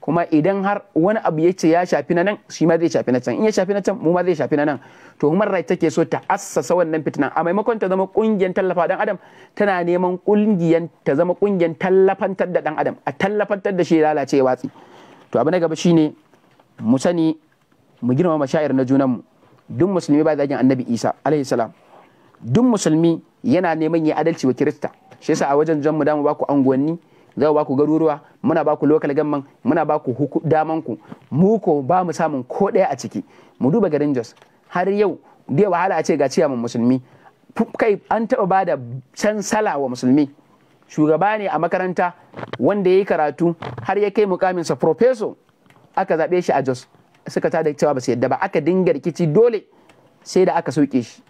kuma idan har wani abu ya ce ya shafi na nan shi ma zai shafi na can in ya shafi na can mu ma zai shafi na nan to human right take so ta assasa wannan fitina a maimakon ta zama kungiyar tallafa dan adam tana neman kungiyar ta zama kungiyar tallafantar da dan adam a tallafantar da shi ya lalace ya watsi to abu na gaba shine mu sani mu girmama mashayar na junanmu duk musulmi ba zagin annabi isa alaihi salam duk musulmi yana neman ya adalci wa kirista shi yasa a wajen jan mu damu ku angonni za ba ku garuruwa muna ba ku lokal gamman muna ba ku daman ku mu ko ba mu samun ko ɗaya a ciki mu duba garin Jos har yau da wahala a ce ga ciyaman musulmi kai an taɓa ba da sala wa musulmi shugaba ne a makaranta wanda ya yi karatu har ya kai mukamin sa professor aka zaɓe shi a jos suka ta da cewa ba su yadda ba aka dinga rikici dole sai da aka sauke shi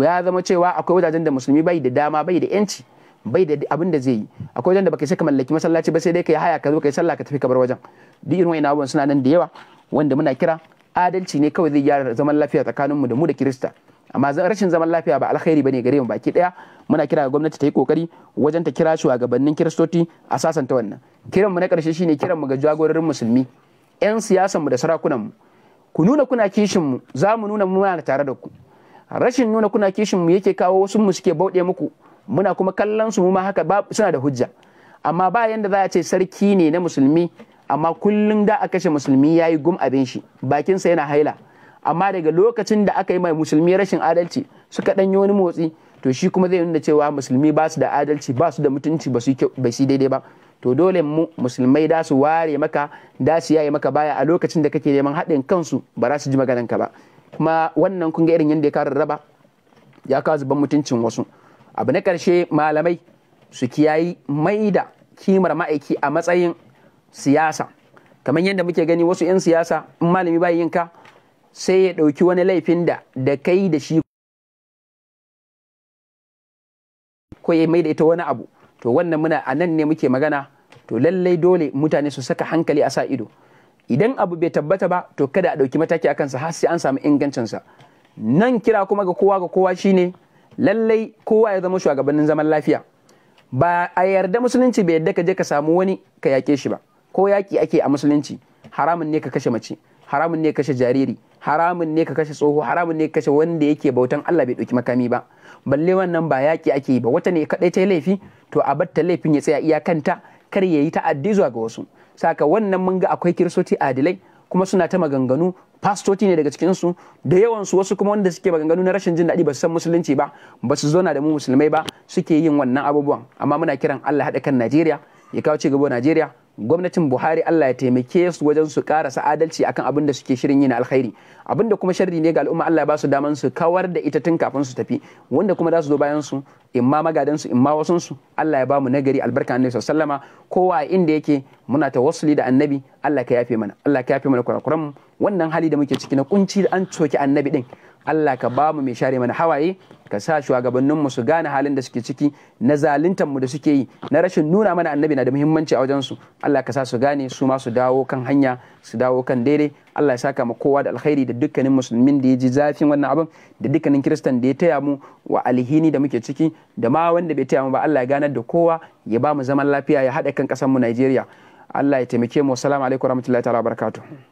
ya zama cewa akwai wajajen da musulmi bai da dama bai da yanci bai da abin da zai yi akwai wajen da baka saka mallaki masallaci ba sai dai kai haya ka zo kai sallah ka tafi kabar wajen duk irin wayannan abubuwan suna nan da yawa wanda muna kira adalci ne kawai zai gyara zaman lafiya tsakanin mu da mu da Kirista amma rashin zaman lafiya ba alkhairi bane gare mu baki daya muna kira ga gwamnati ta yi kokari wajen ta kira shugabannin kiristoci a sasanta wannan kiran mu na karshe shine kiran mu ga jagororin musulmi yan siyasan mu da sarakunan mu ku nuna kuna kishin mu za mu nuna muna tare da ku rashin nuna kuna kishin mu yake kawo wasu mu suke bauɗe muku muna kuma kallon su ma haka suna da hujja amma ba yanda za a ce sarki ne na musulmi amma kullum da a kashe musulmi ya yi gum abin shi bakinsa yana haila amma daga lokacin da aka yi mai musulmi rashin adalci suka ɗanyi wani motsi to shi kuma zai nuna cewa musulmi ba su da adalci ba su da mutunci ba su daidai ba to dole mu musulmai da su ware maka da su yaye maka baya a lokacin da kake neman haɗin kansu ba za su ji maganan ka ba kuma wannan kun ga irin yadda ya kara raba ya kawo zuban mutuncin wasu abu na ƙarshe malamai su kiyayi maida kimar ma'aiki a matsayin siyasa kamar yadda muke gani wasu 'yan siyasa in malami yin ka sai ya ɗauki wani laifin da da kai da shi ko ya maida ita wani abu to wannan muna a nan ne muke magana to lallai dole mutane su saka hankali a sa ido idan abu bai tabbata ba to kada a ɗauki mataki a kansa har sai an samu ingancinsa nan kira kuma ga kowa ga kowa shine lallai kowa ya zama shugabannin zaman lafiya ba a yarda musulunci bai yarda ka je ka samu wani ka yake shi ba ko yaki ake a musulunci haramun ne ka kashe mace haramun ne ka kashe jariri haramun ne ka kashe tsoho haramun ne ka kashe wanda yake bautan Allah bai ɗauki makami ba balle wannan ba yaki ake yi ba wata ne kadai ta laifi to a batta laifin ya tsaya iyakanta kar ya yi ta'addi zuwa ga wasu saka wannan mun ga akwai kiristoci adilai kuma suna ta maganganu fastoci ne daga cikinsu da yawansu wasu kuma wanda suke maganganu na rashin jin daɗi ba su san musulunci ba ba su zauna da mu musulmai ba suke yin wannan abubuwan amma muna kiran Allah haɗa kan Najeriya ya kawo ci gaba Najeriya gwamnatin Buhari Allah ya taimake su wajen su karasa adalci akan abin da suke shirin yi na alkhairi abin da kuma sharri ne ga al'umma Allah ya ba su daman su kawar da ita tun kafin su tafi wanda kuma za su zo bayan su imma magadan su imma wasun su Allah ya ba mu nagari albarka annabi sallama kowa inda yake muna ta wasuli da annabi Allah ka yafe mana Allah ka yafe mana kurakuran wannan hali da muke ciki na kunci da an coki annabi din Allah ka ba mu mai share mana hawaye ka sa shugabannin mu su gane halin da suke ciki na zaluntan mu da suke yi na rashin nuna mana annabi na da muhimmanci a wajen su Allah ka sa su gane su ma su dawo kan hanya su dawo kan daidai Allah ya saka mu kowa da alkhairi da dukkanin musulmin da ya ji zafin wannan abin da dukkanin kiristan da ya taya mu wa alhini da muke ciki da ma wanda bai taya mu ba Allah ya ganar da kowa ya ba mu zaman lafiya ya haɗa kan ƙasar mu Najeriya Allah ya taimake mu assalamu alaikum warahmatullahi ta'ala barakatuh